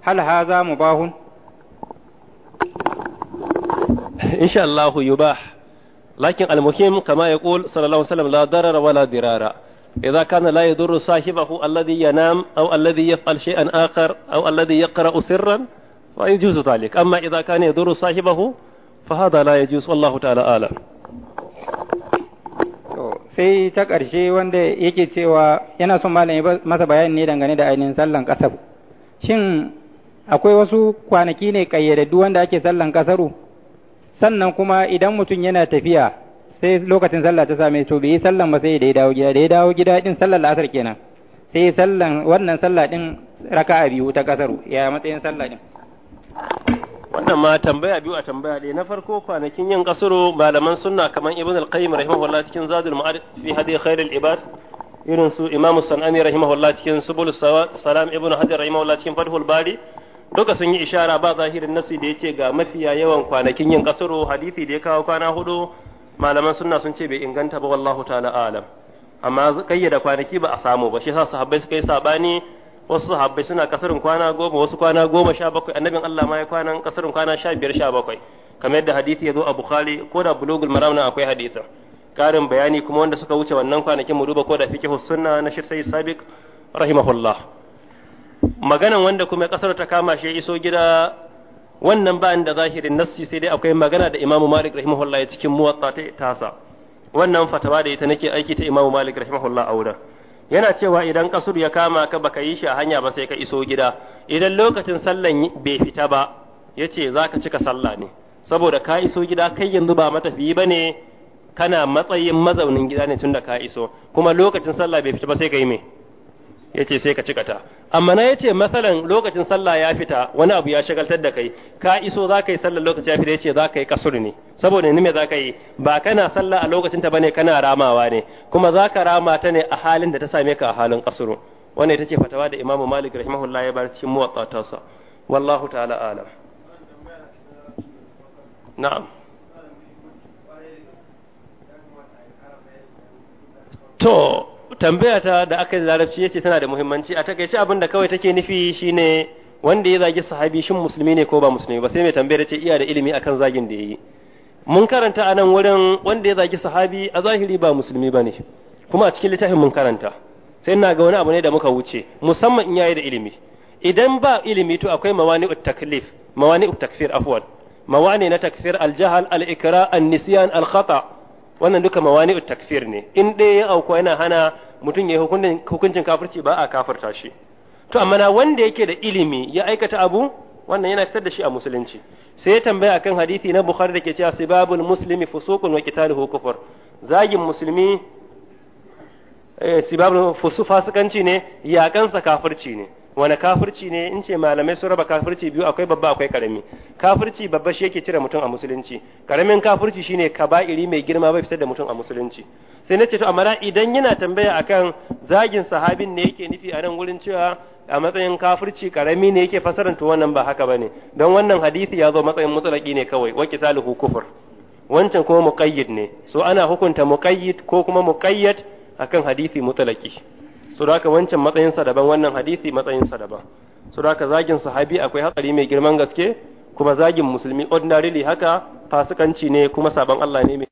هل هذا مباح إن شاء الله يباح لكن المهم كما يقول صلى الله عليه وسلم لا ضرر ولا ضرار إذا كان لا يضر صاحبه الذي ينام أو الذي يفعل شيئا آخر أو الذي يقرأ سرا فيجوز ذلك أما إذا كان يضر صاحبه فهذا لا يجوز والله تعالى أعلم sai ta ƙarshe wanda yake cewa yana son malami masa bayani ne dangane da ainihin sallan ƙasar shin akwai wasu kwanaki ne ƙayyadaddu wanda ake sallan ƙasaru sannan kuma idan mutum yana tafiya sai lokacin sallah ta same to bai yi sallan ba sai da ya dawo gida da ya dawo gida din sallar asar kenan sai sallan wannan sallah din raka'a biyu ta ƙasaru ya matsayin sallah din wannan ma tambaya biyu a tambaya ɗaya na farko kwanakin yin kasuro malaman sunna kamar ibn al-qayyim rahimahullah cikin zadul ma'ad fi hadi al ibad irin su imamu sanani rahimahullah cikin subul salam ibn hajar rahimahullah cikin fathul bari duka sun yi ishara ba zahirin nasi da yace ga mafiya yawan kwanakin yin kasuro hadisi da ya kawo kwana hudu malaman sunna sun ce bai inganta ba wallahu ta'ala alam amma kayyada kwanaki ba a samu ba shi yasa sahabbai suka yi sabani wasu sahabbai suna kasarin kwana goma wasu kwana goma sha bakwai annabin Allah ma ya kwana kasarin kwana sha biyar sha bakwai kamar yadda hadisi ya zo a bukhari ko da bulugul maram akwai hadisin karin bayani kuma wanda suka wuce wannan kwanakin mu duba ko da fiqh sunna na shir sabiq rahimahullah maganan wanda kuma kasar ta kama shi iso gida wannan ba da zahirin nassi sai dai akwai magana da imamu malik rahimahullah cikin muwatta ta tasa wannan fatawa da ita nake aiki ta imamu malik rahimahullah a wurin yana cewa idan kasur ya kama ka baka yi shi a hanya ba sai ka iso gida idan lokacin sallan bai fita ba yace zaka cika sallah ne saboda ka iso gida kai yanzu ba matafiyi bane kana matsayin mazaunin gida ne tun da ka iso kuma lokacin sallah bai fita ba sai ka yi mai. yace sai ka cika ta amma na yace masalan lokacin sallah ya fita wani abu ya shagaltar da kai ka iso za ka yi sallah lokacin ya fita yace za ka yi kasur ne saboda ni me za ka yi ba kana sallah a lokacin ta bane kana ramawa ne kuma za ka rama ta ne a halin da ta same ka a halin kasuru wannan ita ce fatawa da imamu malik rahimahullah ya bar cikin muwattatarsa wallahu ta'ala alam na'am to tambaya ta da aka yi larabci ce tana da muhimmanci a takaice abin da kawai take nufi shine wanda ya zagi sahabi shin musulmi ne ko ba musulmi ba sai mai tambayar ce iya da ilimi akan zagin da yayi mun karanta a nan wurin wanda ya zagi sahabi a zahiri ba musulmi ne kuma a cikin littafin mun karanta sai ina ga wani abu ne da muka wuce musamman in yayi da ilimi idan ba ilimi to akwai mawani taklif mawani takfir afwan mawani na takfir al-jahl al-ikra an-nisyan al wannan duka mawani takfir ne in ɗaya ya auku yana hana mutum ya yi hukuncin kafirci ba a kafirta shi to amma na wanda yake da ilimi ya aikata abu wannan yana fitar da shi a musulunci sai ya tambaya akan hadisi na bukhari da ke cewa sibabul muslimi fusuqun wa qitaluhu kufur zagin musulmi eh, sibabul fusu fasikanci ne yakansa kafirci ne wani kafirci ne in ce malamai sun raba kafirci biyu akwai babba akwai karami kafirci babba shi yake cire mutum a musulunci karamin kafirci shine kaba'iri mai girma bai fitar da mutum a musulunci sai na ce to amma idan yana tambaya akan zagin sahabin ne yake nufi a nan wurin cewa a matsayin kafirci karami ne yake fasaran to wannan ba haka bane don wannan hadisi ya zo matsayin mutlaki ne kawai wa qitaluhu kufur wancan kuma muqayyid ne so ana hukunta muqayyid ko kuma muqayyad akan hadisi mutlaki so da haka wancan matsayinsa daban wannan hadisi matsayinsa daban so da haka zagin sahabi akwai hatsari mai girman gaske kuma zagin musulmi ordinarily haka fasikanci ne kuma saban Allah ne mai